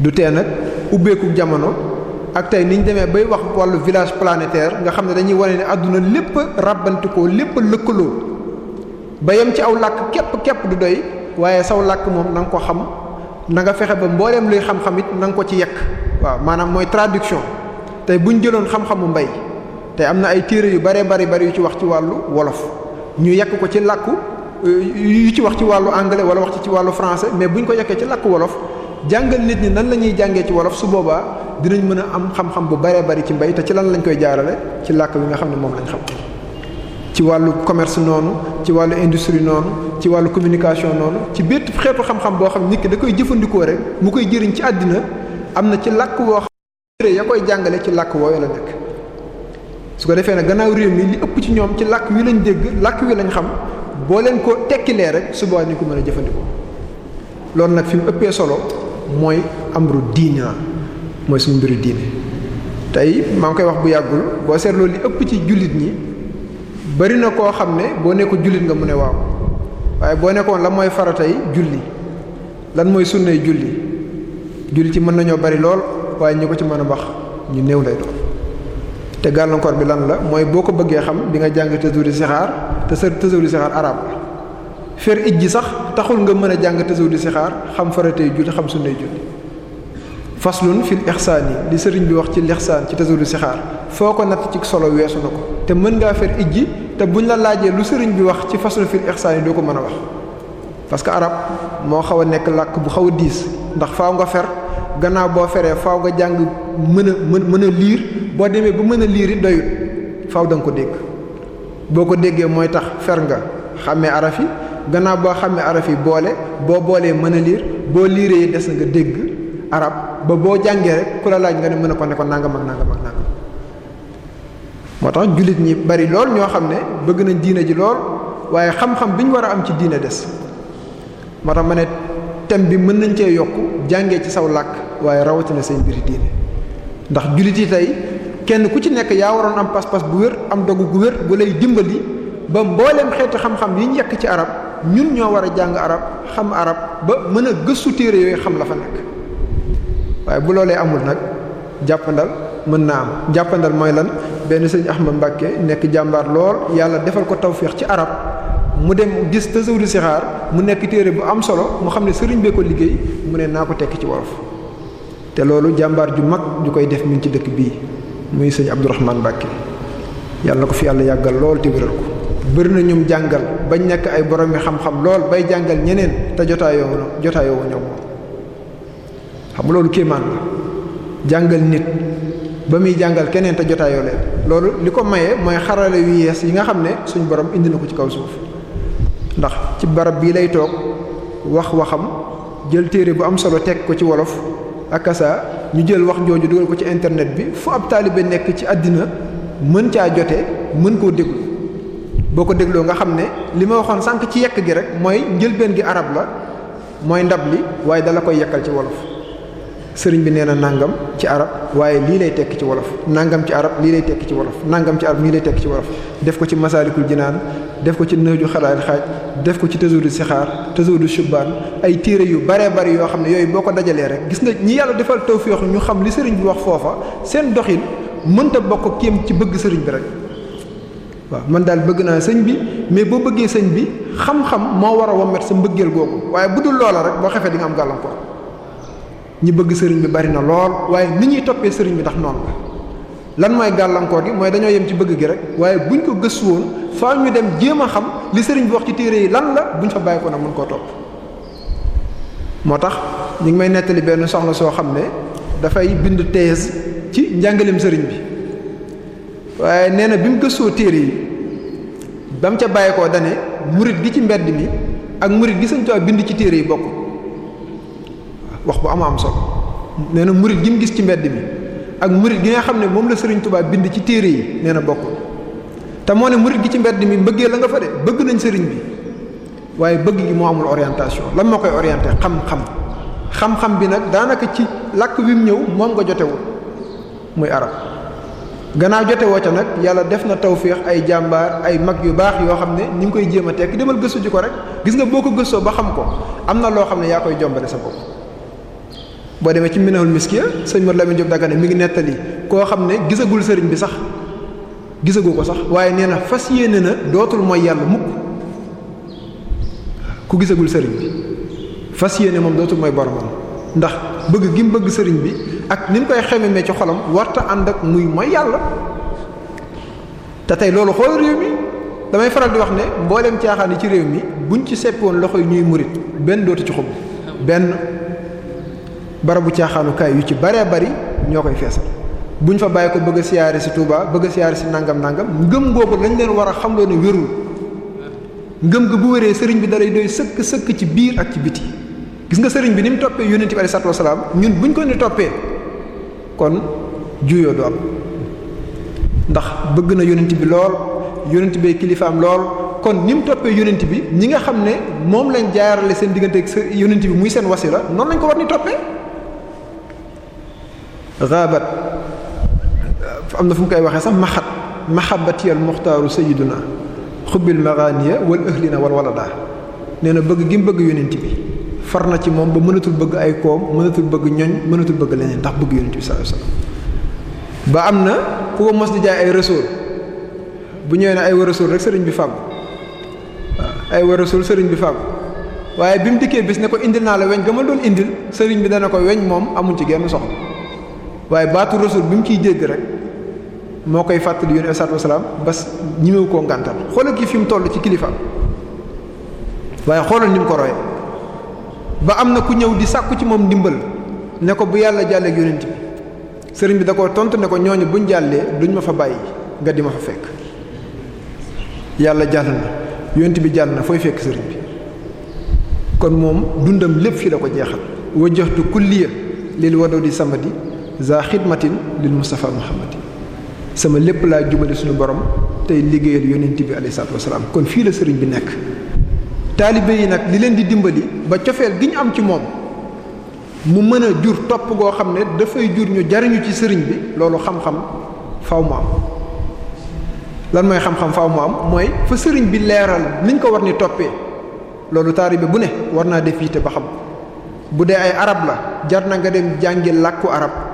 du tee nag ubbeeku jamono ak tey ñu demee bay wax wàllu village planétaire nga xam ne dañuy wane ne àdduna lépp ràbbanti ràbbantikoo lépp lëkkaloo ba yem ci aw làkk képp képp du doy waaye saw làkk moom na nga ko xam na nga fexe ba mbooleem luy xam-xam it na nga ko ci yekk waaw maanaam mooy traduction tey bu ñu jëloon xam-xamu mbay tey am na ay téere yu bare bari bari yu ci wax ci wàllu wolof ñu yekk ko ci làkku yu ci wax ci wàllu anglais wala wax ci ci wàllu français mais bu ñu ko yekkee ci làkku wolof jàngal nit ñi nan la ñuy jàngee ci wolof su boobaa dinañ mën a am xam-xam bu baree bari ci mbay ci lan lañ koy jaarale ci làkk bi nga xam ne moom lañ xam ci wàllu commerce noonu ci wàllu industrie noonu ci wàllu communication noonu ci bépp xeetu xam-xam boo xam nit ki da koy jëfandikoo rek mu koy jëriñ ci àddina am na ci làkk woo xam ya koy jàngale ci làkk wooyu la nekk su ko defee nag gannaaw réew mi li ëpp ci ñoom ci làkk wi lañu dégg làkk wi lañ xam boo leen ko tekkilee rek suba ni ko mën a jëfandikoo loolu nag fi mu ëppee solo mooy amru diina mooy suñu mbiru diine tey maa ngi koy wax bu yàggul boo seetloo li ëpp ci jullit ñi bari na koo xam ne boo nekkoon jullit nga mu ne waaw waaye boo nekkoon lan mooy faratay julli lan mooy sunnay julli julli ci mën nañoo bari lool waaye ñi ko ci mën a wax ñu néew lay doon te gàllankoor bi lan la mooy boo ko bëggee xam bi nga jàng tasawudu sixaar te sa tasawudu sixaar arab la fer ij ji sax taxul nga mën a jàng tasawudu sixaar xam faratay julli xam sunnay julli faslun fil ixsaan yi li sëriñ bi wax ci lixsaan ci tasawudu sixaar foo ko natt ci solo weesu ko te mën ngaa fer ij te buñ la laajee lu sëriñ bi wax ci façon fil ihsaan yi doo ko mën a wax parce que arab moo xaw a nekk làkk bu xaw a diis ndax faw nga fer gannaaw boo feree faaw nga jàng mën a mën mën a liir boo demee ba mën a liir it doyut faaw da ko dégg boo ko déggee mooy tax fer nga xàmmee araf gannaaw boo xàmmee araf yi boole boo boolee mën a liir boo liiree des na nga dégg arab ba boo jàngee rek ku la laaj nga ne mën a ko ne ko nangam ak nangam moo tax jullit ñi bari lool ñoo xam ne bëgg nañ diina ji lool waaye xam-xam bi ñu war a am ci diina des moo tax ma ne thème bi mën nañ cee yokk jàngee ci saw làkk waaye rawatina say mbiri diine ndax jullit yi tey kenn ku ci nekk yaa waroon am pas-pas bu wér am dogu gu wér bu lay dimbali ba mbooleem xeeti xam-xam yi ñu yekk ci arab ñun ñoo war a jàng arab xam arab ba mën a gëstu téere yooyu xam la fa nekk waaye bu loolee amul nag jàppandal mën naa am jàppandal mooy lan benn sëñ Ahmad Mbàkke nekk jàmbaar lool yàlla defal ko tawféex ci arab mu dem gis tasawudu sixaar mu nekk téere bu am solo mu xam ne sëriñ bee ko liggéey mu ne naa ko tekki ci wolof te loolu jàmbaar ju mag ju koy def min ci dëkk bii muy sëñ Abdourahman Mbàkke yàlla na ko fi yàlla yàggal lool te wéral ko bëri na ñum jàngal bañ nekk ay borom yi xam-xam lool bay jàngal ñeneen te jotaayoo jotaayoo ñoom xam loolu nit ba muy jàngal keneen te jotaayoo leen loolu li ko maye mooy xarale yu yees yi nga xam ne suñu borom indi na ko ci kaw suuf ndax ci barab bii lay toog wax waxam jël téere bu am solo teg ko ci wolof akasa ñu jël wax jooju dugal ko ci internet bi fu ab taalibe nekk ci àddina mën caa jote mën koo déglu boo ko dégloo nga xam ne li ma waxoon sànq ci yekk gi rek mooy njëlbeen gi arab la mooy ndab li waaye dala koy yekkal ci wolof sëriñ bi nee na nangam ci arab waaye lii lay tekki ci wolof nangam ci arab lii lay tekki ci wolof nangam ci arab lii lay tekki ci wolof def ko ci masaalikul jinaan def ko ci nëju xalaal xaaj def ko ci tësudu sixaar tësudu shubbaan ay téere yu baree bari yoo xam ne yooyu boo ko dajalee rek gis nga ñi yàlla defal tawfiix ñu xam li sëriñ bi wax foofa seen doxin mënta bokk kéem ci bëgg sëriñ bi rek waaw man daal bëgg naa sëñ bi mais boo bëggee sëñ bi xam-xam moo war a wommet sa mbëggeel googu waaye bu dul loola rek boo xefee di nga am gàllankoor ñi bëgg sëriñ bi bari na lool waaye ni ñuy toppee sëriñ bi ndax noonu la lan mooy gàllankoor gi mooy dañoo yem ci bëgg gi rek waaye buñ ko gëstu woon faa ñu dem jéem a xam li sëriñ bi wax ci téere yi lan la buñ fa bàyyi ko nag mën koo topp. moo tax ñu ngi may nettali benn soxna soo xam ne dafay bind thèse ci njàngaleem sëriñ bi waaye nee na bi mu gëstoo téere yi ba mu ca bàyyi koo dane murit gi ci mbedd mi ak murit gi sëñ Tuubaa bind ci téere yi bokk. wax bu am am solo nee na murit gi mu gis ci mbedd mi ak murit gi nga xam ne moom la Serigne tubaab bind ci téere yi nee na bokkul te moo ne murit gi ci mbedd mi mbëggee la nga fa de bëgg nañ Serigne bi waaye bëgg gi moo amul orientation lan moo koy orienté xam-xam xam-xam bi nag daanaka ci làkk wi mu ñëw moom nga jotewul muy arab gannaaw jote woo ca nag yàlla def na tawféex ay jàmbaar ay mag yu baax yoo xam ne ñu ngi koy jéem a tekk demal gëstu ji ko rek gis nga boo ko gëstoo ba xam ko am na loo xam ne yaa koy jombale sa bopp boo demee ci minahul miskiya sëñ Mor Lamine Diop Dagana mi ngi nettali koo xam ne gisagul sëriñ bi sax gisagu ko sax waaye nee na fas yéene na dootul mooy yàlla mukk ku gisagul sëriñ bi fas yéene moom dootul mooy boromam ndax bëgg gi mu bëgg sëriñ bi ak ni mu koy xememee ci xolam warta ànd ak muy mooy yàlla te tey loolu xool réew mi damay faral di wax ne mboolem caaxaan yi ci réew mi buñ ci seppi woon loxo yi ñuy murit benn dootu ci xub benn barabu caaxaanukaay yu ci baree bari ñoo koy feesal buñ fa bàyyi ko bëgg a siyaare si Touba bëgg a siyaare si nangam nangam ngëm googu lañ leen war a xamloo ni wérul ngëm ga bu wéree sëriñ bi dalay doy sëkk sëkk ci biir ak ci biti gis nga sëriñ bi ni mu toppee yonent bi alayhi salaatu wasalaam ñun bu ñu ko ne toppee kon juyoo du ndax bëgg na yonent bi lool yonent bee kilifaam lool kon ni mu toppee yonent bi ñi nga xam ne moom lañ jaarale seen diggante ak yonent bi muy seen wasila noonu lañ ko ni toppee xaabat am na fu mu koy waxee sax maxat maxabatiyal muxtaaru sayiduna xubbil maxaaniya wal ahlina wal walada nee na bëgg gi mu bëgg yonent bi far na ci moom ba mënatul bëgg ay koom mënatul bëgg ñoñ mënatul bëgg leneen ndax bëgg yonent bi sallallahu alayhi ba am na ku ko mos di jaay ay rasul bu ñëwee ne ay warasul rek sëriñ bi fàggu ay warasul sëriñ bi fàggu waaye bi mu dikkee bis ne ko indil naa la weñ ga doon indil sëriñ bi dana ko weñ moom amuñ ci genn soxla waaye baatu rasul bi mu ciy dégg rek moo koy fàttali yónni alayhi salaam bas ñimewu koo ngàntal xoolal ki fi mu toll ci kilifa waaye xoolal ni mu ko roye ba am na ku ñëw di sàkku ci moom ndimbal ne ko bu yàlla jàlleeg yonent bi sëriñ bi da ko tontu ne ko ñooñu buñ jàllee duñ ma fa bàyyi nga di ma fa fekk yàlla jàll na yonent bi jàll na fooy fekk sëriñ bi kon moom dundam lépp fii la ko jeexal wajjahtu kulliya lil wadudi samadi za xidmatin lil Mustafa Muhammad sama lépp laa jubale suñu borom tey liggéeyal yonent bi alayhi salaatu wasalaam kon fii la sëriñ bi nekk. taalibe yi nag li leen di dimbali ba cofeel gi ñu am ci moom mu mën a jur topp goo xam ne dafay jur ñu jariñu ci sëriñ bi loolu xam-xam faw mu am. lan mooy xam-xam faaw mu am mooy fa sëriñ bi leeral niñ ko war ni toppee loolu taalibe bu ne war naa def yitte ba xam bu dee ay arab la jar na nga dem jàngi làkku arab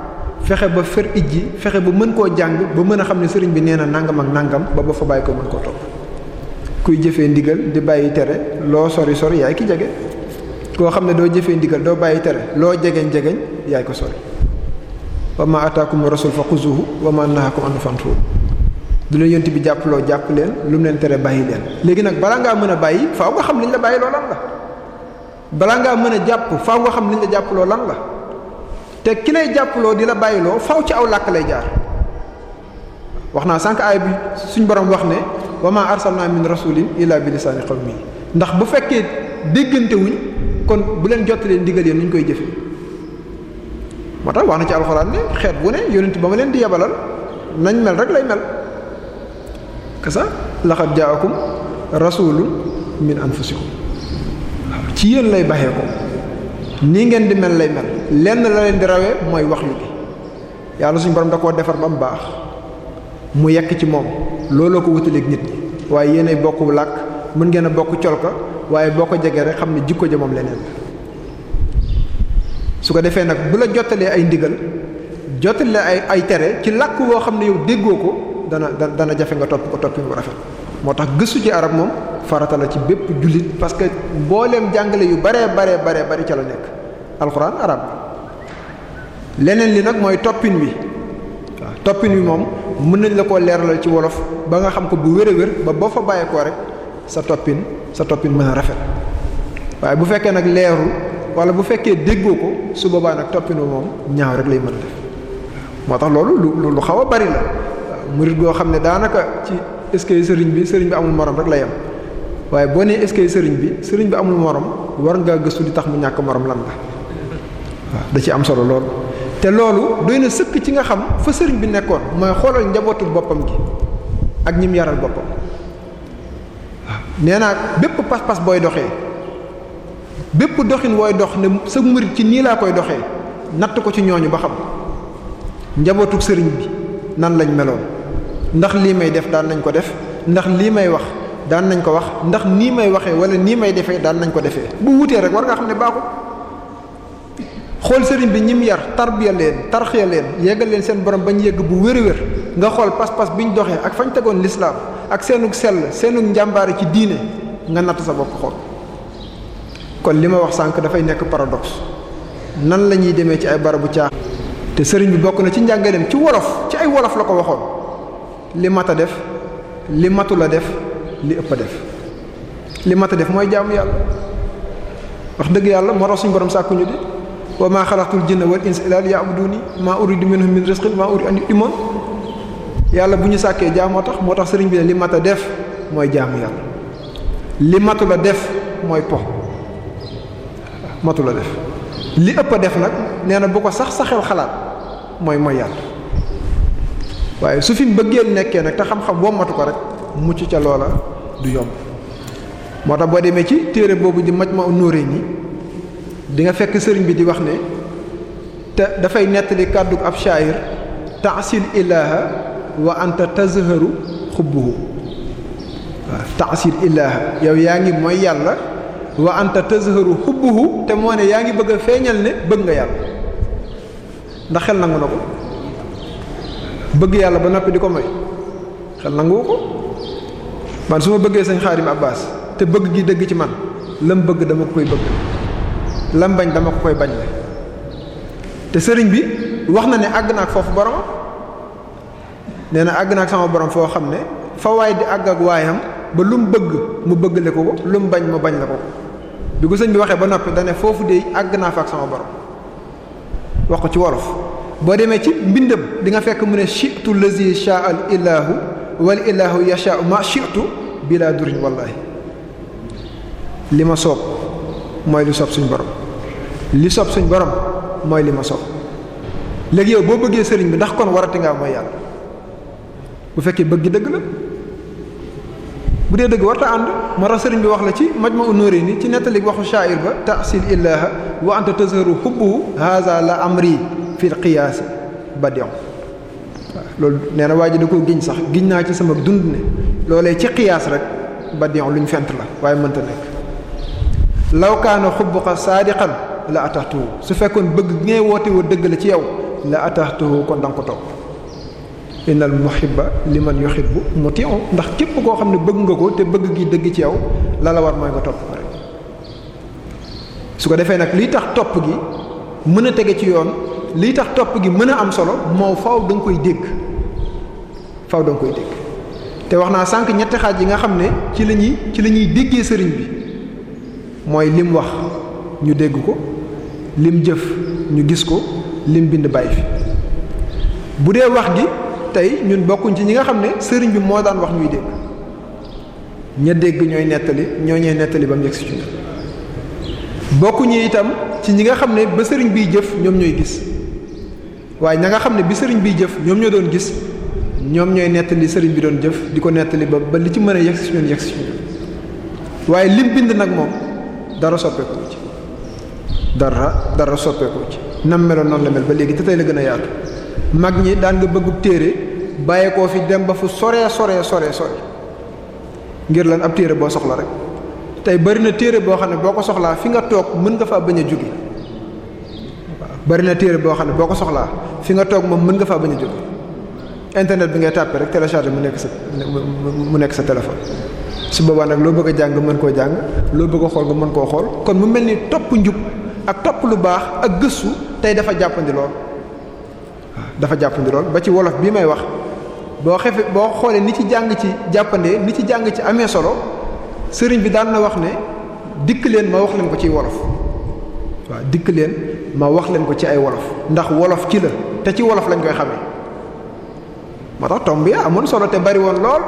fexe ba fer ijji fexe ba mën koo jàng ba mën a xam ne sëriñ bi nee na nangam ak nangam ba ba fa bàyyi ko mën koo topp kuy jëfee ndigal di bàyyi tere loo sori sori yaay ki jege koo xam ne doo jëfee ndigal doo bàyyi tere loo jegeñ jegeñ yaay ko sori wa ma ataakum rasul fa xuzuhu wa ma nahakum anhu fantuhu du leen yonent bi jàppaloo jàpp leen lu mu leen tere bàyyi leen léegi nag balaa ngaa mën a bàyyi faaw nga xam liñ la bàyyi loo lan la balaa ngaa mën a jàpp faaw nga xam liñ jàppaloo lan la te ki lay jàppaloo di la bàyyiloo faw ci aw làkk lay jaar wax naa sànq aay bi suñ borom wax ne wa ma arsalna min rasulin illa bi lisaani qawmi ndax bu fekkee déggantewuñ wuñ kon bu leen jottalee ndigal yéen ñu koy jëfe moo tax wax na ci alxuraan ne xeet bu ne yonent ba ma leen di yebalal nañ mel rek lay mel kasa laqad jaakum rasulun min anfusikum ci yéen lay baxee ko nii ngeen di mel lay mel lenn la leen di rawee mooy wax yu gi yàlla suñu borom da koo defar ba mu baax mu yekk ci moom looloo ko wutaleeg nit ñi waaye yéenay bokku làkk mën ngeen a bokk col ko waaye boo ko jegee rek xam ne jikko ja moom leneen su ko defee nag bu la jottalee ay ndigal jottalee ay ay tere ci làkk woo xam ne yow déggoo ko dana dana jafe nga topp ko topp mu rafet moo tax gëstu ci arab moom farata la ci bépp jullit parce que mbooleem jàngale yu baree baree baree bari ca la nekk alxuraan arab leneen li nag mooy toppin wi waaw toppin wi moom mën nañ la ko leeralal ci wolof ba nga xam ko bu wér a wér ba boo fa bàyyeekoo rek sa toppin sa toppin mën a rafet waaye bu fekkee nag leeru wala bu fekkee déggoo ko su boobaa nag toppin wi moom ñaaw rek lay mën a def moo tax loolu lu lu xaw a bari la murit goo xam ne daanaka ci est-ce que sëriñ bi sëriñ bi amul morom rek la yem waaye boo nee est-ce sëriñ bi sëriñ bi amul morom war ngaa gëstu di tax mu ñàkk moroom lan la waaw da ci am solo lool. te loolu doy na sëkk ci nga xam fa sëriñ bi nekkoon mooy xoolal njabootu boppam gi ak ñim yaral boppam nee naa bépp pas-pas booy doxee bépp doxin wooy dox ne sa murit ci nii laa koy doxee natt ko ci ñooñu ba xam njabootuk sëriñ bi nan lañ meloon ndax lii may def daan nañ ko def ndax lii may wax. daan nañ ko wax ndax nii may waxee wala nii may defee daan nañ ko defee bu wutee rek war nga xam ne baaxul xool sëriñ bi ñim yar tarbiya leen tarxiya leen yeggal leen seen borom bañ yegg bu wér-wér nga xool pas-pas bi ñu doxee ak fañ tegoon lislaam ak seenug sell seenug njàmbaare ci diine nga natt sa bopp xool kon li ma wax sànq dafay nekk paradoxe nan la ñuy demee ci ay barabu caax te sëriñ bi bokk na ci njàngaleem ci wolof ci ay wolof la ko waxoon li mat a def li matu la def li ëpp def li mat a def mooy jaamu yàlla wax dëgg yàlla moo tax suñu borom sàkkuñu di wa maa xalaqtul jinna wal insa illa liya'buduni maa di minhum min rizqin maa uridu an yutimon yàlla bu ñu sàkkee jaamoo tax moo tax sëriñ bi ne li mat a def mooy jaamu yàlla li matul a def mooy po matul a def li ëpp a def nag nee na bu ko sax sa saxel xalaat mooy mooy yàlla waaye su fi mbëggeel nekkee nag te xam-xam wommatu ko rek mucc ca loola du yomb moo tax boo demee ci téere boobu di maj ma nóoré yi di nga fekk sëriñ bi di wax ne te dafay nettali kàddug ab shaayir taasil ilaaha wa anta tazharu xubbuhu waaw taasil ilaaha yow yaa ngi mooy yàlla wa anta tazharu xubbuhu te moo ne yaa ngi bëgg feeñal ne bëgg nga yàlla ndax xel nangu na ko bëgg yàlla ba noppi di ko may xel nangu ko man su ma bëggee sëñ xaadim abbas te bëgg gi dëgg ci man lam bëgg dama ko koy bëgg lam bañ dama ko koy bañ la te sëriñ bi wax na ne àgg naag foofu borom nee na àgg naag sama borom foo xam ne fa waay di àgg ak waayam ba lu mu bëgg mu bëgg la ko ko lu mu bañ mu bañ la ko ko bi ko sëñ bi waxee ba noppi da foofu de àgg naa fa ak sama borom wax ko ci wolof boo demee ci mbindam di nga fekk mu ne chitu lazi shaa al wal ilaahu yashaau ma shi'tu bila durin wallahi li ma soob mooy li soob suñ borom li soob suñ borom mooy li ma soob léegi yow boo bëggee sëriñ bi ndax kon warati nga mooy yàlla bu fekkee bëgg dëgg la bu dee dëgg warta ànd ma tax sëriñ bi wax la ci Majmahun Nurayni ci nettali waxu sha'ir ba tasil illaha wa anta tazharu hubbuhu haza la amri fil qiyaasi badion loolu nee na waa ji da koo giñ sax giñ naa ci sama dund ne loolee ci xiyaas rek ba dion luñ fent la waaye mënta nekk law kaana xubbuka saadiqan la ataxtuhu su fekkoon bëgg ngay woote dëgg la ci yow la ataxtuhu kon da nga ko topp innal muhibba liman mu muti'u ndax képp koo xam ne bëgg nga ko te bëgg gi dëgg ci yow lala la war mooy nga topp rek su ko defee nag liy tax topp gi mën a tege ci yoon lii tax topp gi mën a am solo moo faw da koy dégg faw da nga koy dégg te wax naa sànq ñetti xaaj yi nga xam ne ci la ñuy ci la ñuy déggee sëriñ bi mooy lim wax ñu dégg ko lim jëf ñu gis ko lim bind bàyyi fi bu dee wax gi tey ñun bokkuñ ci ñi nga xam ne sëriñ bi moo daan wax ñuy dégg ña dégg ñooy nettali ñoo ñee nettali ba mu yegg ci ñun bokkuñu itam ci ñi nga xam ne ba sëriñ biy jëf ñoom ñooy gis waaye ña nga xam ne bi sëriñ biy jëf ñoom ñoo doon gis ñoom ñooy nettali sëriñ bi doon jëf di ko nettali ba ba li ci mën a yegg si ñun yegg si waaye lim bind nag moom dara soppeeku ci dara dara soppeeku ci nam meloon noonu la mel ba léegi te tey la gën a yaatu mag ñi daan nga bëggu téere bàyyi koo fi dem ba fu soree soree soree sore ngir lan ab téere boo soxla rek tey bari na téere boo xam ne boo ko soxlaa fi nga toog mën nga faa bañ a jóge bari na téere boo xam ne boo ko soxlaa fi nga toog moom mën nga faa bañ a jóg internet bi ngay tàppee rek télécharger mu nekk sa mu nekk sa téléphone su boobaa nag loo bëgg a jàng nga mën koo jàng loo bëgg xool nga mën koo xool kon mu mel ni topp njub ak topp lu baax ak gëstu tey dafa jàppandi lool dafa jàppandi lool ba ci wolof bii may wax boo xefe boo xoolee ni ci jàng ci jàppandee ni ci jàng ci amee solo sëriñ bi daan na wax ne dikk leen ma wax ko ciy wolof waaw dikk leen ma wax leen ko ci ay wolof ndax wolof ci la te ci wolof lañ koy xamee moo tax tomb ya amoon solo te bari woon lool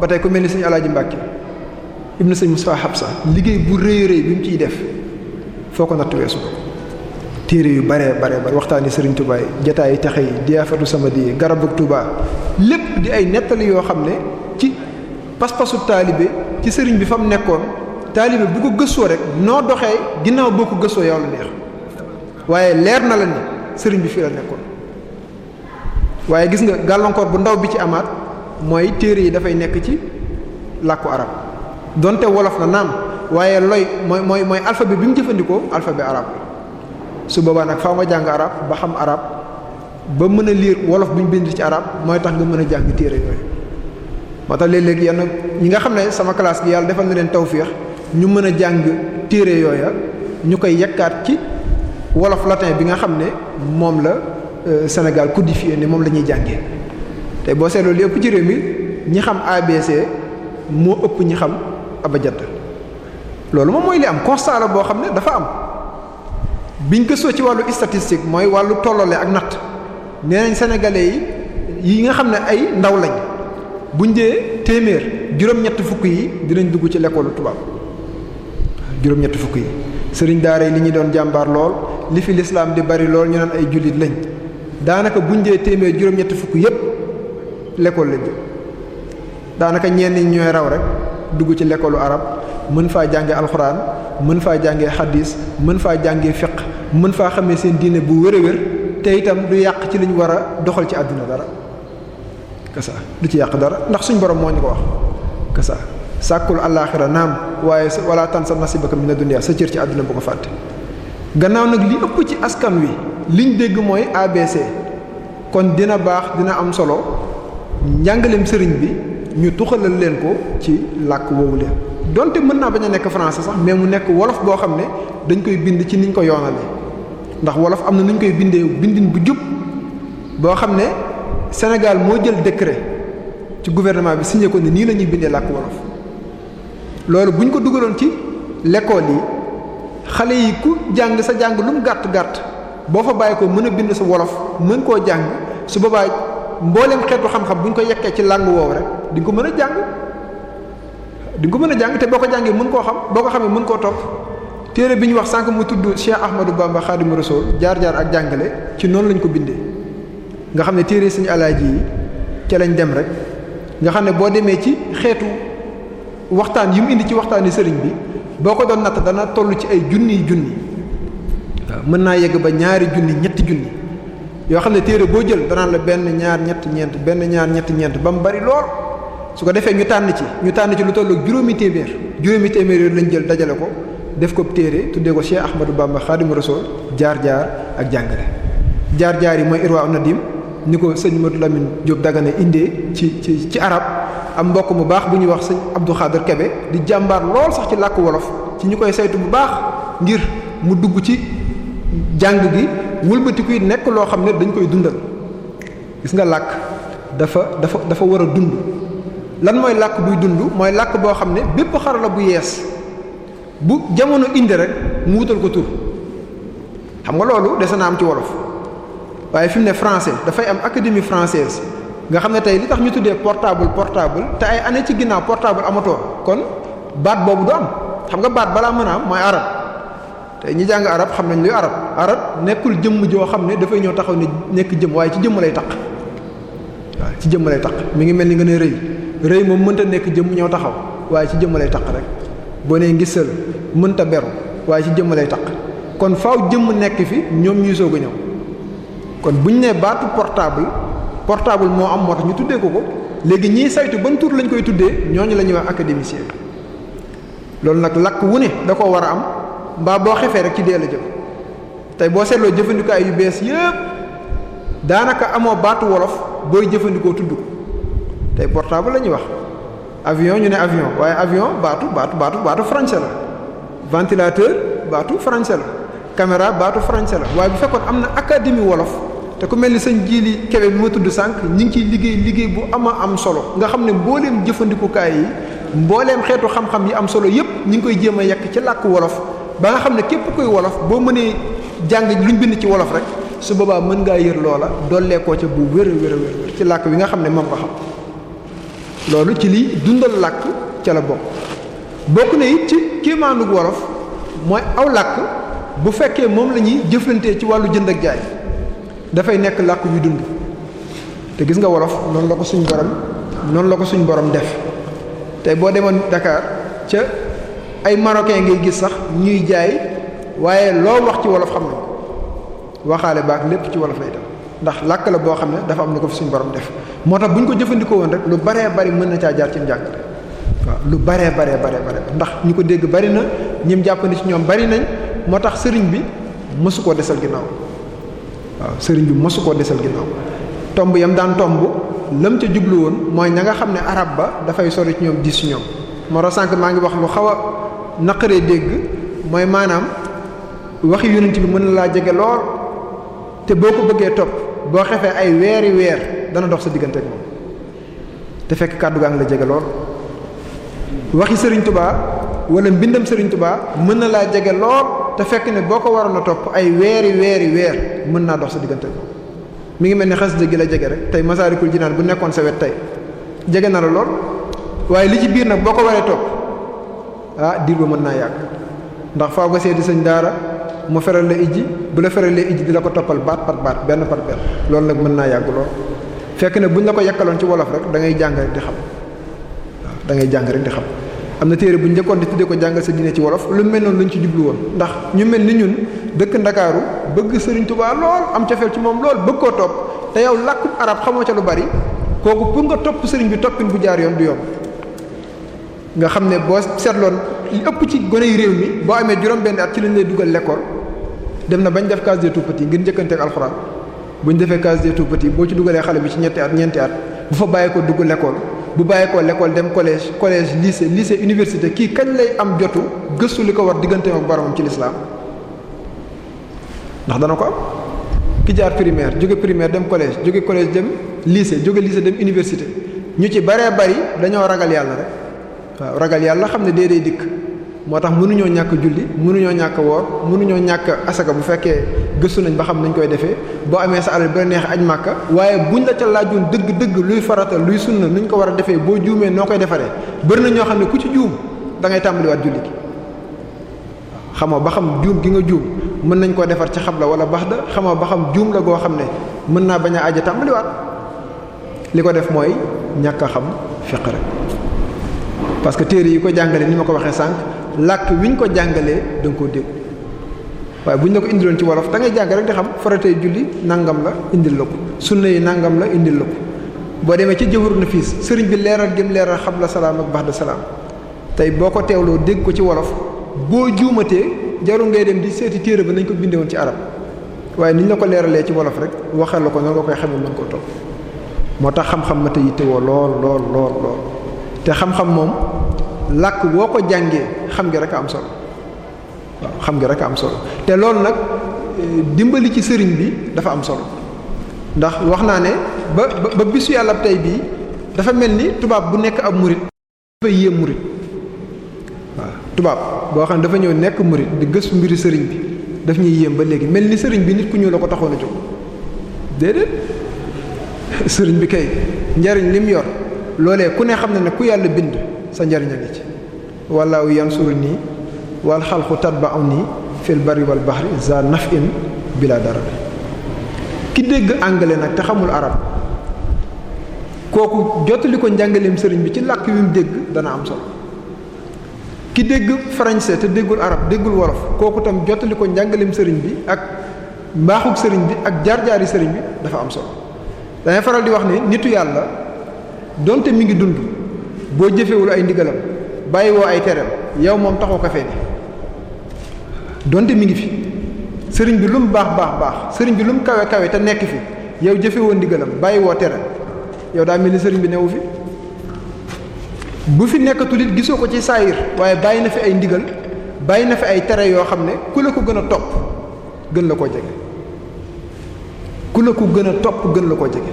ba tey ku mel ni sëñ Alaaji Mbàkke ibnu sa Musaa sa liggéey bu rëy rëy bi mu ciy def foo ko natt weesu ko téere yu bare bare bare waxtaani sëriñ Tuubaa yi jataay yi texe yi diyaafatu sama di garabu Tuubaa lépp di ay nettali yoo xam ne ci pas-pasu taalibe ci sëriñ bi fa mu nekkoon taalibe bu ko gëstoo rek noo doxee ginnaaw boo ko gëstoo yow la neex waaye leer na la ni sëriñ bi fii la nekkoon waaye gis nga gàllankoor bu ndaw bi ci amaat mooy téere yi dafay nekk ci làkku arab donte wolof na naam waaye looy mooy mooy mooy alphabet bi mu jëfandikoo alphabet arab su boobaa nag faaw nga jàng arab ba xam arab ba mën a liir wolof bi ñu bind ci arab mooy tax nga mën a jàng téere yooyu moo tax léeg-léeg yenn ñi nga xam ne sama classe gi yàlla defal na leen tawféex ñu mën a jàng téere yooya ñu koy yakkaat ci wolof latin bi nga xam ne moom la euh, Sénégal codifié ne moom lañuy ñuy te boo seetloo li ëpp ci réew mi ñi xam ABC moo ëpp ñi xam abajad loolu moom mooy li am constat la boo xam ne dafa am biñ ko soo ci wàllu statistique mooy wàllu tollale ak natt nee nañ sénégalais yi yi nga xam ne ay ndaw lañ buñ dee téeméer juróom-ñett fukk yi dinañ dugg ci lekkoolu tubaab. juróom-ñetti fukk yi sëriñ daara yi li ñu doon jàmbaar lool li fi lislaam di bari lool ñu naan ay jullit lañ daanaka buñ dee téeméer juróom-ñetti fukk yépp l'école lañ daanaka ñeen ñi ñooy raw rek dugg ci lekkoolu arab mën faa jànge alxuraan mën faa jànge xadis mën faa jànge fiq mën faa xamee seen diine bu wér a wér te itam du yàq ci li ñu war a doxal ci àdduna dara kasa du ci yàq dara ndax suñu borom moo ñu ko wax kasa sàkkul àllaaxira naam waaye sa wala tansa nasibaka mina dunya sa cër ci àdduna bu ko fàtte. gannaaw nag li ëpp ci askan wi liñ dégg mooy ABC kon dina baax dina am solo njàngaleem sëriñ bi ñu tuxalal leen ko ci làkk woowu leen donte mën naa bañ a nekk français sax mais mu nekk wolof boo xam ne dañ koy bind ci niñ ko yoonale ndax wolof am na nuñ koy bindee bindin bu jub boo xam ne Sénégal moo jël décret ci gouvernement bi signé ko ne nii la ñuy bindee làkk wolof. loolu bu ñu ko dugaloon ci l'école yi xale yi ku jàng sa jàng lu mu gàtt gàtt boo fa bàyyi ko mën a bind sa wolof mën koo jàng su boobaa mbooleem xeetu xam-xam bu ñu ko yekkee ci làng woow rek di nga ko mën a jàng di ko mën a jàng te boo ko jàngee mën koo xam boo ko xamee mën koo topp téere bi ñu wax sànq mu tudd Cheikh Ahmadou Bamba Khadim Rasoul jaar-jaar ak jàngale ci noonu lañ ko bindee nga xam ne téere suñu alaaji yi ca lañ dem rek nga xam ne boo demee ci xeetu. waxtaan yi mu indi ci waxtaani sëriñ bi boo ko doon natt dana tollu ci ay junniy junni mën naa yegg ba ñaari junni ñetti junni yoo xam ne téere boo jël danaan la benn ñaar ñett ñeent benn ñaar ñetti ñeent ba mu bari lool su ko defee ñu tànn ci ñu tànn ci lu toll ak juróomi téeméer juróomi téeméer yooyu lañ jël dajale ko def ko téere tuddee ko Cheikh Ahmadou Bamba Xaadimu Rasuul jaar-jaar ak jàngale jaar-jaar yi mooy Irwa an Nadim ni ko sëñ Modou Lamine Diop Dagana indee ci ci ci arab am mbokk mu baax bu ñuy wax sëñ Abdou Khader Kebe di jàmbaar lool sax ci làkk wolof ci ñu koy saytu bu baax ngir mu dugg ci jàng gi wëlbatiku yi nekk loo xam ne dañ koy dundal gis nga làkk dafa dafa dafa war a dund lan mooy làkk buy dund mooy làkk boo xam ne bépp xarala bu yees bu jamono indi rek mu wutal ko tur xam nga loolu dese na am ci wolof waaye fi mu ne français dafay am académie française nga xam ne tey li tax ñu tuddee portable portable te ay année ci ginnaaw portable amatoo kon baat boobu du am xam nga baat balaa mën a am mooy arab te ñi jàng arab xam nañ luy arab arab nekkul jëmm joo xam ne dafay ñëw taxaw ne nekk jëm waaye ci jëmm lay taq waaw ci jëmm lay taq mi ngi mel ni nga ne rëy rëy moom mënta nekk jëmm ñëw taxaw waaye ci jëmm lay taq rek boo nee ngisal mënta beru waaye ci jëmm lay taq kon faw jëmm nekk fi ñoom ñuy soog a ñëw kon buñ nee baatu portable. portable moo am moo tax ñu tuddee ko ko léegi ñiy saytu ban tur lañu koy tuddee ñooñu la ñuy wax académicien loolu nag lakk wu ne da koo war a am mbaa boo xefee rek ci dee la jëm tey boo seetloo jëfandikaay yu bees yépp daanaka amoo baatu wolof booy jëfandikoo tudd ko tey portable la ñuy wax avion ñu ne avion waaye avion baatu baatu baatu baatu français la ventilateur baatu français la caméra baatu français la waaye bu fekkoon am na académie wolof te ku mel ni sëñ jiili kebe bi ma tudd sànq ñi ciy liggéey liggéey bu ama am solo nga xam ne mbooleem jëfandikukaay yi mbooleem xeetu xam-xam yi am solo yépp ñi ngi koy jéem a yekk ci làkk wolof ba nga xam ne képp koy wolof boo mënee jàng luñ bind ci wolof rek su boobaa mën ngaa yër loola dolleekoo ca bu wér a wér ci làkk bi nga xam ne moom nga loolu ci lii dundal làkk ca la bokk bokk na it ci kéemaanug wolof mooy aw làkk bu fekkee moom la ñuy jëflantee ci wàllu jënd jaay dafay nekk làkk wi dund te gis nga wolof noonu la ko suñu borom noonu la ko suñ borom def tey boo demoon Dakar ca ay marocain ngay gis sax ñuy jaay waaye loo wax ci wolof xam na waxaale baak lépp ci wolof lay def ndax làkk la boo xam ne dafa am na ko fi suñ borom def moo tax bu ñu ko jëfandikoo woon rek lu baree bari mën na caa jaar ci njàng waaw lu baree baree baree bare ndax ñu ko dégg bari na ñim jàppandi ci ñoom bari nañ moo tax sëriñ bi mësu koo desal ginnaaw waaw sëriñ bi mosu koo desal ginnaaw tomb yam daan tomb lam ca jublu woon mooy na nga xam ne arab ba dafay sori ci ñoom di si ñoom moro sànq maa ngi wax lu xawa a naqaree dégg mooy maanaam waxi yonent bi mën na laa jege lool te boo ko bëggee topp boo xefee ay weeri weer dana dox sa diggante ak te fekk kàddu gaa ngi la jege lool waxi sëriñ tubaa wala mbindam sëriñ tubaa mën na laa jege lool te fekk ne boo ko waroon a topp ay weeri weeri weer mën naa dox sa diggante ko mu ngi mel ne xasida gi la jege rek tey Masaalikul Jinaan bu nekkoon sa wet tey jege na la lool waaye li ci biir nag boo ko waree topp ah diir ba mën naa yàgg ndax faaw nga seeti sëñ daara mu feral la ijji bu la feralee ijji di la ko toppal baat par baat benn par benn loolu nag mën naa yàgg lool fekk ne buñ la ko yakkaloon ci wolof rek da ngay jàng rek di xam da jàng rek di xam am na téere bu ñu njëkkoon di tuddee ko jàngal sa diine ci wolof lu mel noonu lañ ci jublu woon ndax ñu mel ni ñun dëkk ndakaaru bëgg sëriñ Tuubaa lool am cofeel ci moom lool bëgg koo topp te yow làkkub arab xamoo ca lu bari kooku pour nga topp sëriñ bi toppin bu jaar yoon du yoon nga xam ne boo seetloon li ëpp ci gone yi réew mi boo amee juróom-benn at ci lañ lay dugal lekkool dem na bañ def case des yi petits ngir njëkkanteeg alxuraan bu ñu defee case des boo ci dugalee xale bi ci ñetti at ñeenti at bu fa ko dugg l'école bu bàyyi ko l'école dem collège collège lycée lycée université kii kañ lay am jotu gëstu li ko war digganteem ak boromam ci lislaam ndax dana ko am ki jaar primaire jóge primaire dem collège jóge collège dem lycée jóge lycée dem université ñu ci baree bari dañoo ragal yàlla rek waaw ragal yàlla xam ne dee dee dikk moo tax mënuñoo ñàkk julli mënuñoo ñàkk woor mënuñoo ñàkk asaka bu fekkee gëstu nañ ba xam nañ koy defee boo amee sa alal bi la neex aj màkka waaye bu buñ la ca laajoon dëgg dëgg luy farata luy sunna nuñ ko war a defee boo juumee noo koy defaree bëri na ñoo xam ne ku ci juum dangay tàmbaliwaat julli gi xamoo ba xam juum gi nga juum mën nañ koo defar ci xab la wala bax da xamoo ba xam juum la goo xam ne mën naa bañ a aja tàmbaliwaat li ko def mooy ñàkk xam fiq parce que téere yi ko jàngale ni ma ko waxee sànq làkk wi ñu ko jàngalee da nga koo waaye bu ñu la ko ci wolof da ngay jàng rek di xam faratay julli nangam la indil la ko sunna yi nangam la indil la ko boo demee ci jawwur na fiis sëriñ bi leeral gëm leeral xabla salaam ak baxda salaam tey boo ko teewloo dégg ko ci wolof boo juumatee jarul ngay dem di seeti téere bi nañ ko bindewoon ci arab waaye niñ la ko leeralee ci wolof rek waxeel la ko noonu nga koy xamee mën koo topp moo tax xam-xam ma te yittewoo lool lool lool lool te xam-xam moom làkk woo ko jàngee xam gi rek am solo waaw xam gi rek am solo te loolu nag eh, dimbali ci sëriñ bi dafa am solo ndax wax naa ne ba ba bisu yàlla tey bii dafa mel ni tubaab bu nekk ab murit yéem murit waaw boo xam ne dafa ñëw nekk murit di gëstu mbiri sëriñ bi daf ñuy yéem ba léegi mel ni sëriñ bi nit ku ñu la ko taxoon a jóg déedéet sëriñ bi kay njariñ li mu yor loolee ku ne xam ne ne ku yàlla bind sa njariñ a ngi ci wallaahu yansuru nii wal xalqu tatba'u nii fil barri wal bahri za naf'in bilaa dara ki dégg anglais nag te xamul arab kooku jottali ko njàngaleem sëriñ bi ci làkk yu dégg dana am solo ki dégg français te déggul arab déggul wolof kooku tam jottali ko njàngaleem sëriñ bi ak mbaaxug sëriñ bi ak jaar-jaari sëriñ bi dafa am sol dañuy faral di wax ne nitu yàlla donte mi ngi dund boo jëfewul ay ndigalam bàyyi woo ay teram yow moom taxoo ko feeñ donte mi ngi fi sëriñ bi lu mu baax baax baax sëriñ bi lu mu kawe kawe te nekk fi yow jëfewoo ndigalam bàyyi woo teram yow daa mel ni sëriñ bi newu fi bu fi nekkatul it gisoo ko ci saayir waaye bàyyi na fi ay ndigal bàyyi na fi ay tere yoo xam ne ku la ko gën a topp gën la koo jege ku la ko gën a topp gën la koo jege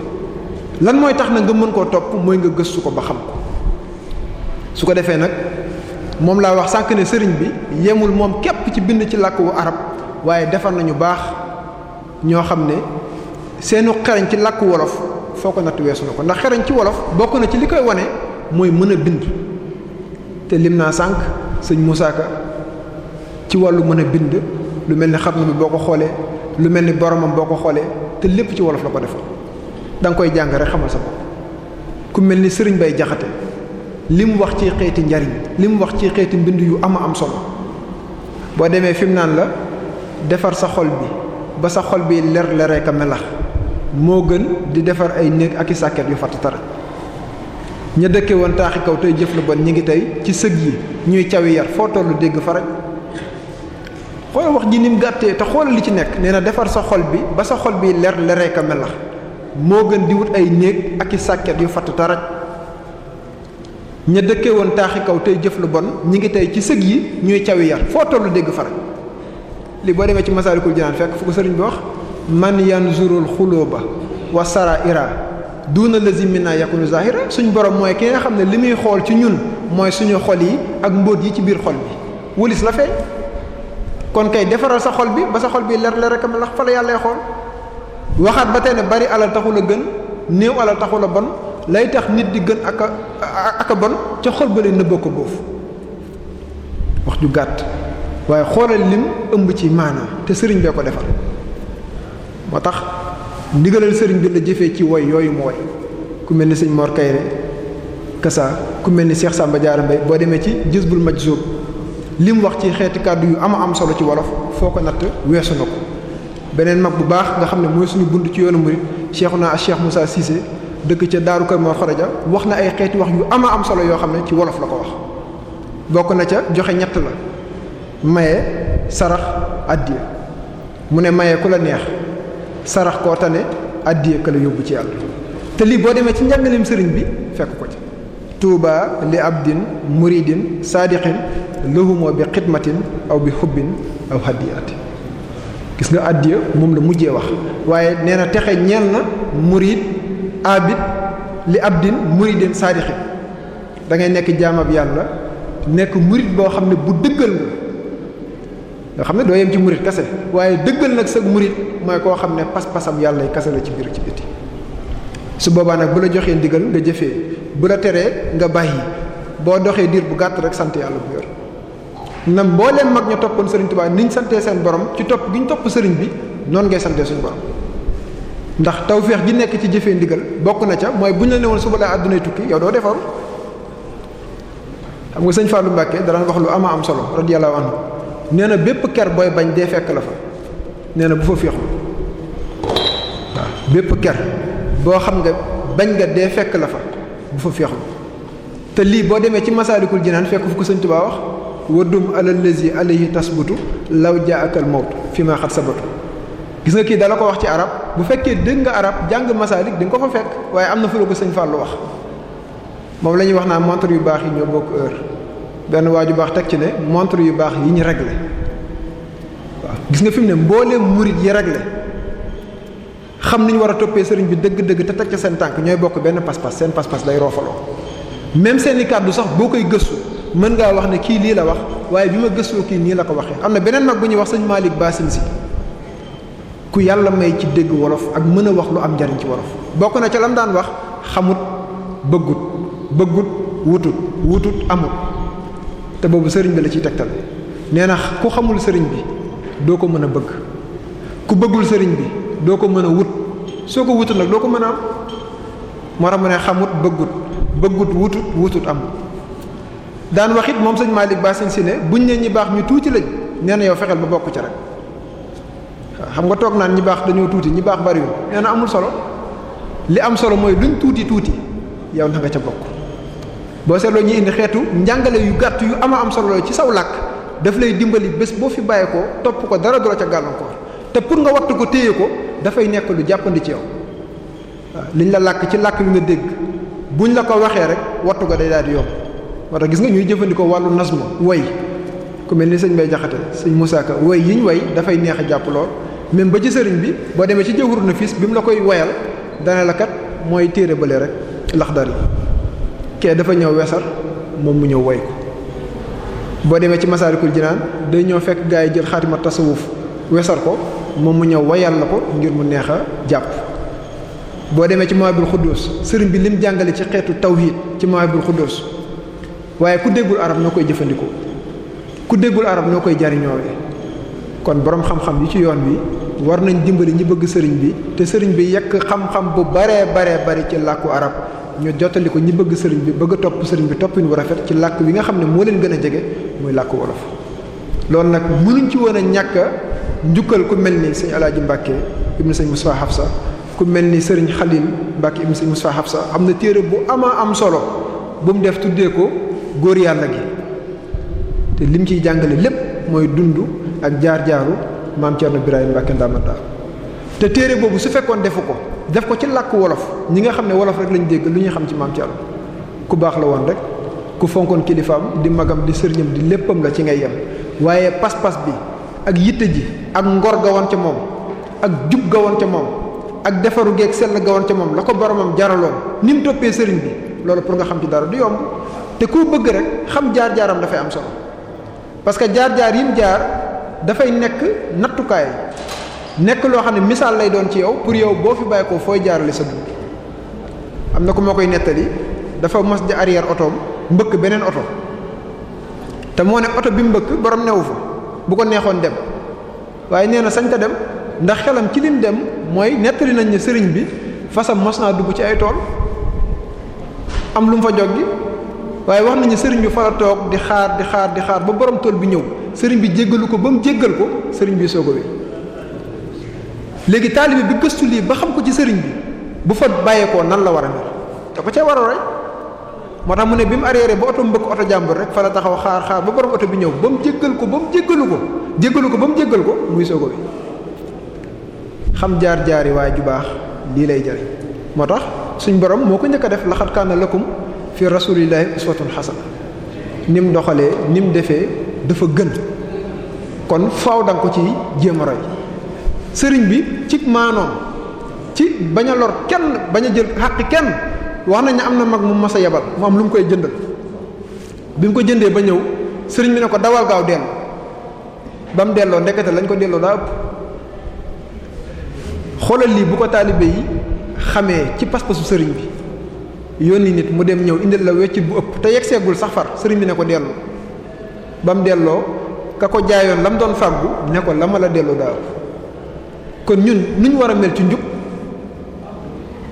lan mooy tax na nga mën koo topp mooy nga gëstu ko ba xam su ko defee nag moom laa wax sànq ne sëriñ bi yemul moom képp ci bind ci làkk wu arab waaye defar nañu baax ñoo xam ne seenu xereñ ci làkk wolof foo ko natt weesu na ko ndax xereñ ci wolof bokk na ci li koy wane mooy mën a bind te lim naa sànq sëñ Moussa Ka ci wàllu mën a bind lu mel ni xam na bi boo ko xoolee lu mel ni boromam boo ko xoolee te lépp ci wolof la ko defal danga koy jàng rek xamal sa bopp ku mel ni sëriñ bay jaxate li mu wax ci xeeti njariñ li mu wax ci xeeti mbind yu ama am solo boo demee fi mu naan la defar sa xol bi ba sa xol bi ler leree ka melax moo gën di defar ay néeg ak i sàkket yu fatt tara ñu dëkke woon taaxi kaw tey jëf lu bon ñu ngi tey ci sëg yi ñuy cawi yar foo tollu dégg faraj xoolal wax ji ni mu gàttee te xoolal li ci nekk nee na defar sa xol bi ba sa xol bi ler leree ka melax moo gën di wut ay néeg ak i sàkket yu fatt taraj ña dëkke woon taaxi kaw tey jëf lu bon ñi ngi tey ci sëg yi ñuy cawi yar foo tollu dégg fara li boo demee ci masaalikul jinaan fekk fu ko sëriñ bi wax man yanzurul xulooba wa saraira la lazi minna yakunu zahira suñ borom mooy ki nga xam ne li muy xool ci ñun mooy suñu xol yi ak mbóot yi ci biir xol bi wëlis la feeñ kon kay defaral sa xol bi ba sa xol bi leer leer rek a mel ndax fa la yàlla xool waxaat ba tey ne bari alal taxul a gën néew alal taxul a bon lay tax nit di gën ak a ak a bon ca xol ba leen nëbba ko boof wax ju gàtt waaye xoolal lim ëmb ci maanaam te sëriñ bee ko defar moo tax ndigalal sëriñ bi la jëfee ci woy yooyu mu woy ku mel ni sëñ Mor Kayre Kasa ku mel ni Cheikh Samba Diarra Mbaye boo demee ci Jazbul Majzub li mu wax ci xeeti kàddu yu am a am solo ci wolof foo ko natt weesu na ko beneen mag bu baax nga xam ne mooy suñu bunt ci yoonu murid naa Cheikh Moussa Cissé dëkk ca Daaru Kër moo Xaraja wax na ay xeeti wax yu ama am solo yoo xam ne ci wolof la ko wax bokk na ca joxe ñett la maye sarax addiya mu ne maye ku la neex sarax koo tane addiya ka yóbbu ci yàlla te lii boo demee ci njàngaleem sëriñ bi fekk ko ci tuuba li abdin muridin saadiqin lahumoo bi xidmatin aw bi xubbin aw hadiyati gis nga addiya moom la mujjee wax waaye nee na texe ñeel na murid abid li abdin muridin saadixi da ngay nekk jaamab yàlla nekk murid boo xam ne bu dëggal nga xam ne doo yem ci murid kase waaye dëggal nag sa murid mooy koo xam ne pas-pasam yàlla yi kase la ci biir ci biti su boobaa nag bu la joxee ndigal nga jëfee bu la teree nga bàyyi boo doxee diir bu gàtt rek sant yàlla bu yor na mbooleem mag ñu toppoon Serigne Touba ni ñu santee seen borom ci topp gi ñu topp Serigne bi noonu ngay santee suñu borom. ndax tawféex ji nekk ci jëfee ndigal bokk na ca mooy bu ñu la ne woon suba la àddunay tukki yow doo defaru xam nga sëñ Fallou Mbacke dana wax lu ama am solo radiyallahu anhu nee na bépp ker booy bañ dee fekk la fa nee na bu fa féexul waaw bépp ker boo xam nga bañ nga dee fekk la fa bu fa féexul te lii boo demee ci masaalikul jinaan fekk fu ko sëñ ti Tuubaa wax wadum alal lazi alayhi tasbutu law jaa jaakal mawt fi ma xat sabatu gis nga kii dala ko wax ci arab bu fekkee dégg nga arab jàng masalik di nga ko fa fekk waaye am na fu la ko sëñ Fallou wax moom la ñuy wax naa montre yu baax yi ñoo bokk heure benn waa ju baax teg ci ne montre yu baax yi ñu réglé waaw gis nga fi mu ne mbooleem murit yi réglé xam ni ñu war a toppee sëriñ bi dëgg-dëgg te teg ca seen tànk ñooy bokk benn pas-pas seen pas-pas day roofaloo même seen i kàddu sax boo koy gëstu mën ngaa wax ne kii lii la wax waaye bi ma gëstoo kii nii la ko waxee am na beneen mag bu ñuy wax sëñ Malick Basine si ku yàlla may ci dégg wolof ak mën a wax lu am njariñ ci wolof bokk na ca lam daan wax xamut bëggut bëggut wutut wutut amut te boobu sëriñ bi la ci tegtal nee na ku xamul sëriñ bi doo ko mën a bëgg ku bëggul sëriñ bi doo ko mën a wut soo ko wutut nag doo ko mën a am moo tax a ne xamut bëggut bëggut wutut wutut amut daan wax it moom sëñ Malick Ba sëñ si ne buñ ne ñi baax ñu tuuti lañ nee na yow fexeel ba bokk ca rek xam nga toog naan ñi baax dañoo tuuti ñi baax bariwul nee na amul solo li am solo mooy luñ tuuti tuuti yow na nga ca bokk boo seetloo ñi indi xeetu njàngale yu gàtt yu ama am solo ci saw làkk daf lay dimbali bés boo fi bàyyee ko topp ko dara doro ca gàllankoor te pour nga wattu ko téye ko dafay nekk lu jàppandi ci yow waaw liñ la làkk ci làkk yu nga dégg buñ la ko waxee rek wattu ko day daal di yomb moo tax gis nga ñuy jëfandikoo wàllu nasmo woy ku mel ni sëñ Bay Jaxate sëñ Musaa Ka way yiñ way dafay neex a jàpp lool même ba ci sëriñ bi boo demee ci jawhurun nafis bi mu la koy woyal dana la mooy téere bële rek laxdar yi kee dafa ñëw wesar moom mu ñëw woy ko boo demee ci masaalikul jinaan day ñëw fekk gaa yi jël xaatima tasawuf wesar ko moom mu ñëw woyal la ko ngir mu neex a jàpp boo demee ci mawaahibul xudduus sëriñ bi lim jàngale ci xeetu tawhid ci mawaahibul xudduus waaye ku déggul arab noo koy jëfandikoo ku déggul arab noo koy jariñoowee kon boroom xam-xam yi ci yoon bi war nañ dimbali ñi bëgg sëriñ bi te sëriñ bi yekk xam-xam bu baree baree bari ci làkku arab ñoo jottali ko ñi bëgg sëriñ bi bëgg topp sëriñ bi toppin wu rafet ci làkk bi nga xam ne moo leen gën a jege muy làkk wolof loolu nag mu mënuñ ci woon a ñàkk njukkal ku mel ni sëñ Alaaji Mbàkke ibnu sëñ Moussa sa ku mel ni sëriñ Xalil Mbàkke ibnu sëñ Moussa sa am na téere bu ama am solo bu mu def tuddee ko góor yàlla gi te lim ciy jàngale lépp mooy dund ak jaar-jaaru maam Thierno Birahim Mbacké Ndamata te téere boobu su fekkoon defu ko def ko ci làkk wolof ñi nga xam ne wolof rek lañ dégg lu ñu xam ci maam Thierno ku baax la woon rek ku fonkoon kilifaam di magam di sëriñam di léppam la ci ngay yem waaye pas-pas bi ak yitte ji ak ngor ga woon ca moom ak jub ga woon ca moom ak defaru geeg sell ga woon ca moom la ko boromam jaraloon ni mu toppee sëriñ bi loolu pour nga xam ci dara du yomb te ku bëgg rek xam jaar-jaaram dafay am parce que jaar-jaar yim jaar dafay nekk nattukaay nekk loo xam ne misaal lay doon ci yow pour yow boo fi bàyyi ko fooy jaarale sa dund am na ko moo koy nettali dafa mos di arrière otoom mbëkk beneen oto te moo ne oto bi mbëkk borom newu fa bu ko neexoon dem waaye nee na sañ ta dem ndax xelam ci lim dem mooy nettali nañ ne sëriñ bi fasam mos naa dugg ci ay tool am lu mu fa joggi waaye wax nañu sëriñ bi fa la toog di xaar di xaar di xaar ba borom tool bi ñëw sëriñ bi jéggalu ko ba mu jéggal ko sëriñ bi soog a léegi taalibe bi gëstu lii ba xam ko ci sëriñ bi bu fa bàyyeekoo nan la war a mel te ko ca war a rey moo tax mu ne bi mu arriéré ba oto mbëkk oto jàmbur rek fa la taxaw xaar xaar ba borom oto bi ñëw ba mu jéggal ko ba mu jéggalu ko jéggalu ko ba mu jéggal ko muy soog a xam jaar jaari waaye ju baax lii lay jëriñ moo tax suñu borom moo ko njëkk a def laxat kaana lakum fi rasulillahi uswatun xasana ni mu doxalee ni mu defee dafa gën kon faw da ko ci jéem a sëriñ bi ci maanoom ci bañ a lor kenn bañ a jël xàqi kenn wax nañ ne am na mag mu mas a yebal mu am lu mu koy jëndal bi mu ko jëndee ba ñëw sëriñ bi ne ko dawal gaaw dellu ba mu delloo ndekete lañ ko delloo daa ëpp xoolal lii bu ko taalibe yi xamee ci pas-pasu sëriñ bi yónni nit mu dem ñëw indil la weccit bu ëpp te yegg seegul sax sëriñ bi ne ko dellu ba mu delloo ka ko jaayoon la mu doon fàggu ne ko la ma la dellu daaw kon ñun ñu war a mel ci njub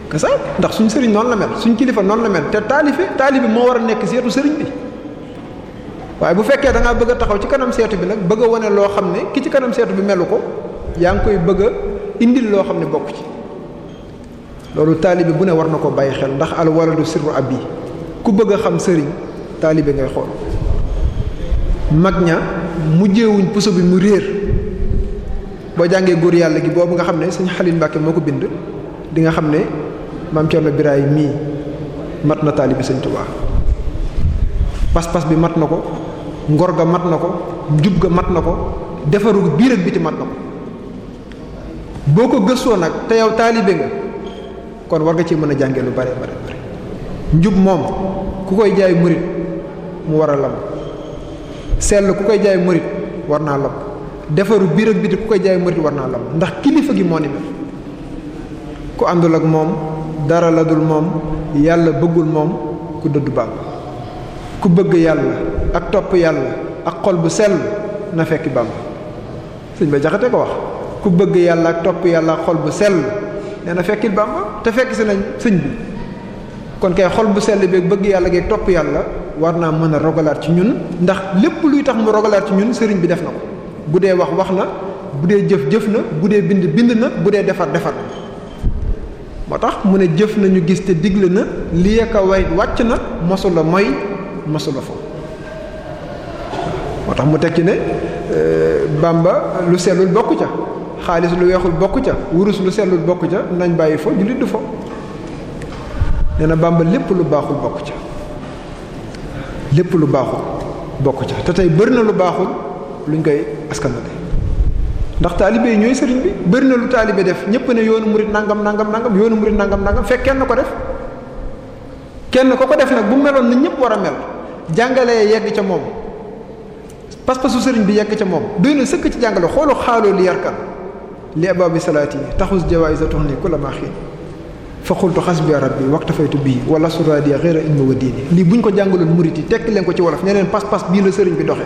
que ndax suñ sëriñ noonu la mel suñ kilifa noonu la mel te taalife taalibe moo war a nekk seetu sëriñ bi waaye bu fekkee dangaa bëgg a taxaw ci kanam seetu bi nag bëgg a wane loo xam ne ki ci kanam seetu bi melu ko yaa ngi koy bëgg indil loo xam ne bokk ci loolu taalibe bu ne war na ko bàyyi xel ndax al waladu sirru abi ku bëgg a xam sëriñ taalibe ngay xool mag ña mujjeewuñ puso bi mu réer boo jàngee góor yàlla gi boobu nga xam ne sëñ Xalil Mbàkke moo ko bind dinga xam ne maam Cerno Biraay mii mat na taalibe sëñ Tubaa pas-pas bi mat na ko ngor ga mat na ko njub ga mat na ko defaru biir ak biti mat na ko boo ko gëstoo nag te yow taalibe nga kon war nga ci mën a jàngee lu bare bare bare njub moom ku koy jaay murit mu war a lam sell ku koy jaay murit war naa lam defaru biir ak koy jaay murit war naa lam ndax kilifa gi moo ni mel ku àndul ak moom dara la dul moom yàlla bëggul moom ku dëddu bàmb ku bëgg yàlla ak topp yàlla ak xol bu sell na fekki bàmb sëñ ba jaxate ko wax ku bëgg yàlla ak topp yàlla ak xol bu sell nee na fekkil bàmb te fekk si nañ sëñ bi kon kay xol bu sell beeg bëgg yàlla geeg topp yàlla war naa mën a rogalaat ci ñun ndax lépp luy tax mu rogalaat ci ñun sëriñ bi def na ko bu dee wax wax na bu dee jëf jëf na bu dee bind bind na bu dee defar defar moo tax mu ne jëf nañu gis te digle na li ak a way wàcc na mosula moy mosula fo moo tax mu teg ci ne euh, Bamba lu sellul bokk ca xaalis lu weexul bokk ca wurus lu sellul bokk ca nañ bàyyi fo jullit du fo nee na Bàmba lépp lu baaxul bokk ca lépp lu baaxul bokk ca te tey bëri na lu baaxul luñ koy askanale ndax taalibe yi ñooy sëriñ bi bëri na lu taalibe def ñëpp ne yoonu murit nangam nangam nangam yoonu murit nangam nangam fekk kenn ko def kenn ko ko def nag bu meloon na ñëpp war a mel jàngalee yegg ca moom pas-pasu sëriñ bi yegg ca moom doy na sëkk ci jàngale xoolu xaaloo li yarkan li abaabi salaati taxus jawaayisatuhum ni kulla maa xiin fa xultu xasbiya rabbi waqtafaytu bii wala suraadiya xëyra ilmi wa diini lii bu ñu ko jàngaloon murit yi tekk leen ko ci wolof ne leen pas-pas bii la sëriñ bi doxee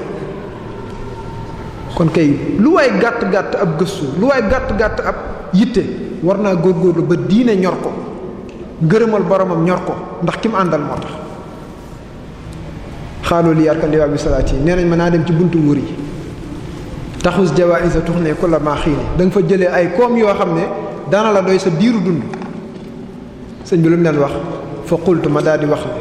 kon kay lu waay gàtt-gàtt ab gëstu lu waay gàtt-gàtt ab yitte war naa góor góorgóorlu ba diine ñor ko ngërëmal boromam ñor ko ndax ki mu àndal moo tax xaaloo li yarkan liwaa bi salaat yi ne nañ ma naa dem ci buntu wóor yi taxus jawaïsa tuxne ku la maa xiini da nga fa jëlee ay koom yoo xam ne dana la doy sa diiru dund sëñ bi lu mu leen wax fa qultu ma daal di wax ne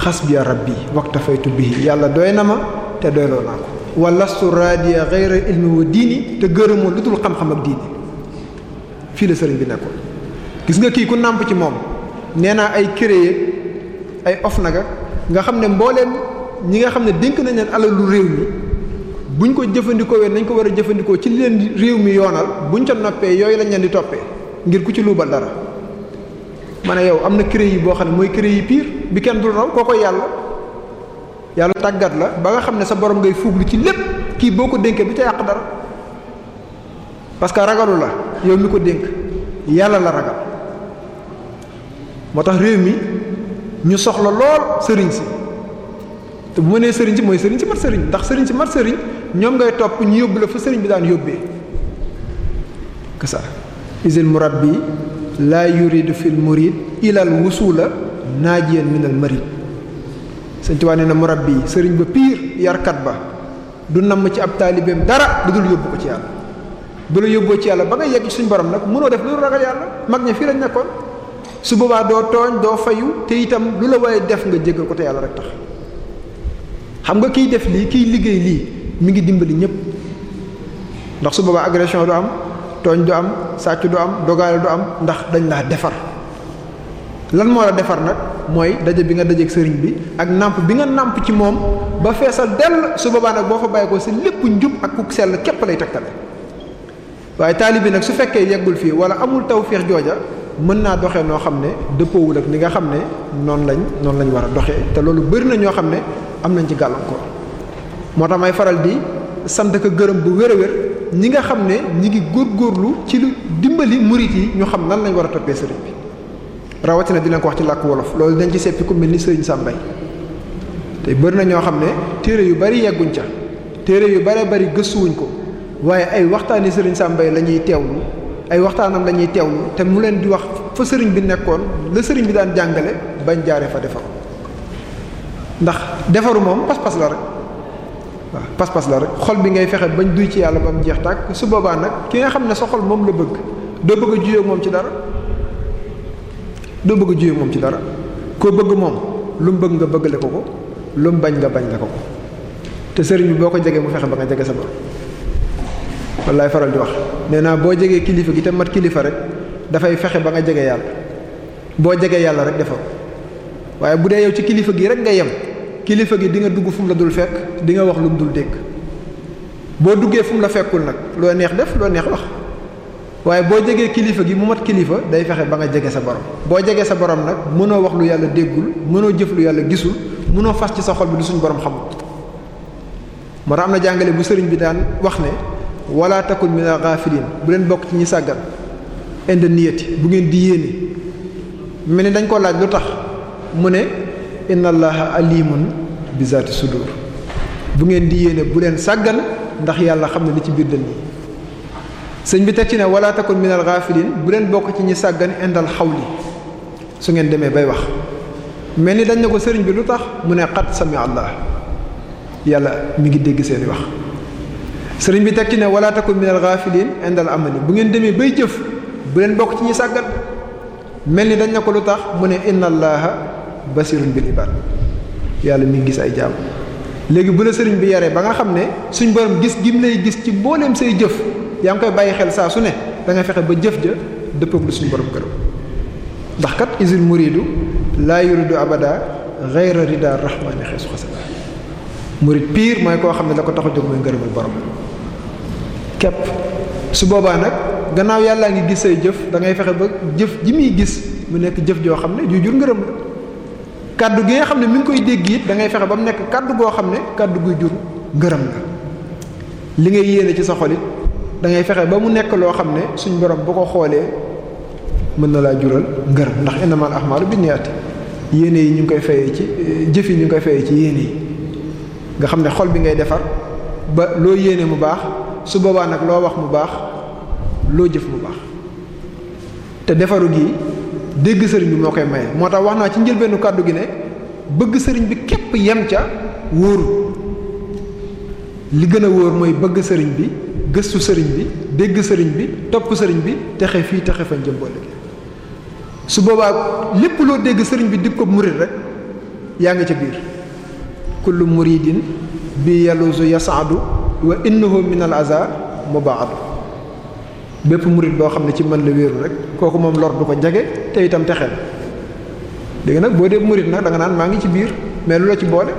xasbiya rabbi waktafaytu bihi yàlla doy na ma te doyloo naa ko walastu radia geyra ilmi wa diini te gërëmoo lu dul xam-xam ak diini fii la sëriñ bi nekkoon gis nga kii ku nàmp ci moom nee naa ay créer ay of naga nga xam ne mbooleem ñi nga xam ne dénk nañ leen alalu réew mi bu buñ ko jëfandikoo wee nañ ko war a jëfandikoo ci leen réew mi yoonal bu buñ ca noppee yooyu lañ leen di toppee ngir ku ci luubal dara ma ne yow am na cré yi boo xam ne mooy cré yi pire bi kenn dul raw koo koy yàlla yàlla tàggat la ba nga xam ne sa borom ngay fuuglu ci lépp kii boo ko dénkee bi ca yàq dara parce que ragalu la yow mi ko dénk yàlla la ragal moo tax réew mi ñu soxla lool sëriñ si te bu ma nee sëriñ si mooy sëriñ si mat sëriñ ndax sëriñ si mat sëriñ ñoom ngay topp ñu yóbbu la fa sëriñ bi daan yóbbee que ça isil murabbi laa yuridu fil murid ilal la naajiyan minal marid sëñ Tuubaa nee na murabbi sëriñ ba piir yarkat ba du namm ci ab taalibeem dara du yóbbu ko ci yàlla bu la yóbboo ci yàlla ba nga yegg suñu borom nag mënoo def lu ragal yàlla mag ña fii lañ nekkoon su boobaa doo tooñ doo fayu te itam lu la waaye def nga jéggal ko yàlla rek tax xam nga kiy def lii kiy liggéey lii mi ngi dimbali ñëpp ndax su boobaa agression du am tooñ du am sàcc du am dogaale du am ndax dañ laa defar lan moo la defar nag mooy daje bi nga dajeeg sëriñ bi ak nàmp bi nga nàmp ci moom ba feesal dell su boobaa nag boo fa bàyyi ko si lépp njub ak ku sell képp lay tegtale waaye taali bi nag su fekkee yeggul fii wala amul tawféex jooja mën naa doxee noo xam ne dëppoowul ak ni nga xam ne noonu lañ noonu lañ war a doxee te loolu bëri na ñoo xam ne am nañ ci gàllankoor moo tax may faral bi sant ko gërëm bu wér a wér ñi nga xam ne ñi ngi góor góorlu ci lu dimbali murit yi ñu xam nan lañ war a toppee sëriñ bi rawatina di leen ko wax ci làkk wolof loolu dañ ci seppi ku mel ni sëriñ Sambay te bëri na ñoo xam ne téere yu bari yegguñ ca téere yu bare bari gëstuwuñ ko waaye ay waxtaani sëriñ Sambay la ñuy teewlu ay waxtaanam la ñuy teewlu te mu leen di wax fa sëriñ bi nekkoon la sëriñ bi daan jàngale bañ jaaree fa defa ndax defaru moom pas-pas la rek waaw pas-pas la rek xol bi ngay fexe bañ duy ci yàlla ba mu jeex tàkk su boobaa nag ki nga xam ne sa moom la bëgg doo bëgg a juyoo moom ci dara doo bëgg a moom ci dara koo bëgg moom lu bëgg nga bëggale ko ko lu bañ nga bañ la ko te sëriñ bi boo ko jegee mu fexe ba nga jege sa borom wallaay faral di wax nee naa boo jegee kilifa gi mat kilifa rek dafay fexe ba nga jege yàlla boo jegee yàlla rek defoo waaye bu dee yow ci kilifa gi rek nga yem kilifa gi di nga dugg fu la dul fekk di nga wax lu mu dul dégg boo duggee fu la fekkul nag loo neex def loo neex wax waaye boo jegee kilifa gi mu mat kilifa day fexe ba nga jege sa borom boo jegee sa borom nag mënoo wax lu yàlla déggul mënoo jëf lu yàlla gisul mënoo fas ci sa xol bi du suñ borom xamul moo tax am na jàngale bu sëriñ bi daan wax ne wala takun min al bu leen bokk ci ñi sàggan inde niyati bu ngeen di yéene mel ni dañ ko laaj lu tax mu inna allaha alimun bi zaati sudur bu ngeen di yéene bu leen sàggan ndax yàlla xam ne li ci biir dënn yi sëñ bi teg ci ne wala takun minal gaafiliin bu leen bokk ci ñi sàggan indal xawli su ngeen demee bay wax mel ni dañ ne ko sëriñ bi lu tax mu ne xat sami allah yàlla mu ngi dégg seeni wax sëriñ bi teg ci ne wala takun minal gaafiliin indal amali bu ngeen demee bay jëf bu leen bokk ci ñi sàggan mel ni dañ ne ko lu tax mu ne inna allaha bi ni ibad yàlla mi ngi gis ay jaam léegi bu la sëriñ bi yaree ba nga xam ne suñ borom gis gim lay gis ci mbooleem say jëf yaa ngi koy bàyyi xel saa su ne dangay fexe ba jëf ja dëppoog suñ borom gërëm ndax kat isil laa yuridu abada ghayra rida rahmani xeesu xasana mooy koo xam ne la ko tax a jóg mooy boobaa nag gannaaw yàllaa ngi gis say jëf da fexe ba jëf ji muy gis mu nekk jëf joo xam ne ju jur ngërëm la kàddu gi nga xam ne mi ngi koy dégg it da ngay fexe ba mu nekk kàddu goo xam ne kàddu guy jur ngërëm la li ngay yéene ci sa xol it da ngay fexe ba mu nekk loo xam ne suñ borom bu ko xoolee mën na laa jural ngërëm ndax innamal ahmaalu binniyaati yéene yi ñu ngi koy fayee ci jëf yi ñu ngi koy fayee ci yéene yi nga xam ne xol bi ngay defar ba loo yéene mu baax su boobaa nag loo wax mu baax loo jëf mu baax te defaru gi dégg sëriñ bi moo koy maye moo tax wax naa ci njëlbeenu kàddu gi ne bëgg sëriñ bi képp yem ca wóoru li gën a wóor mooy bëgg sëriñ bi gëstu sëriñ bi dégg sëriñ bi topp sëriñ bi texe fii texe fa jëm boole su boobaa lépp loo dégg sëriñ bi dib ko murid rek yaa ngi ca biir kullu muridin bi yaluusu yasaadu wa innahu min al aza bépp murit boo xam ne ci mën la wéeru rek kooku moom lor du ko jege te itam te xel léegi nag boo dee murit nag da nga naan maa ngi ci biir mais lu ci boole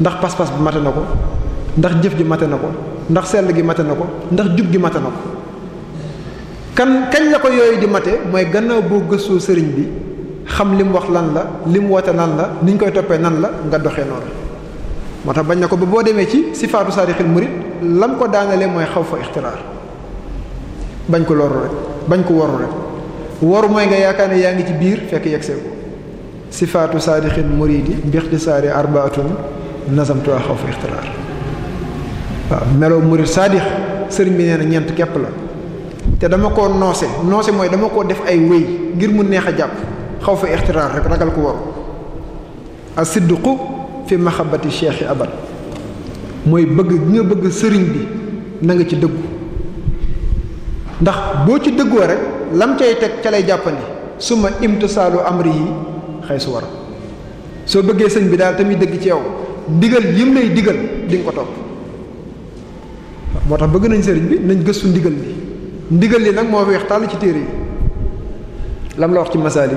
ndax pas-pas bi mate na ko ndax jëf ji mate na ko ndax sell gi mate na ko ndax jub gi mate na ko kan kañ la ko yooyu di mate mooy gannaaw boo gëstoo sëriñ bi xam li mu wax lan la li mu woote lan la ni ñu koy toppee nan la nga doxee noonu moo tax bañ na ko ba boo demee ci sifaatu saadixil murit lan ko daanalee mooy xaw fa ixtiraar bañ ko loru rek bañ ko waru rek waru mooy nga yaakaar ne yaa ngi ci biir fekk yegsee ko sifaatu saadixin muridi bixtisaari arbaatun nazamtuwaa xaw fa ixtiraar waaw meloo murid saadix sëriñ bi nee na ñeent kepp la te dama koo noose noose mooy dama koo def ay wéy ngir mu neex a jàpp xaw fa ixtiraar rek ragal ko waru asidduqu fi maxabati cheikhi abad mooy bëgg gi nga bëgg sëriñ bi na nga ci dëggu ndax boo ci dëggoo rek lam cay teg ca lay jàppandi su ma imtisaalu amri yi xëy su war soo bëggee sëñ bi daal tamit dëgg ci yow ndigal yim lay digal di nga ko topp moo tax bëgg nañ sëriñ bi nañ gëstu ndigal li ndigal li nag moo weex tàll ci téere yi lam la wax ci masaali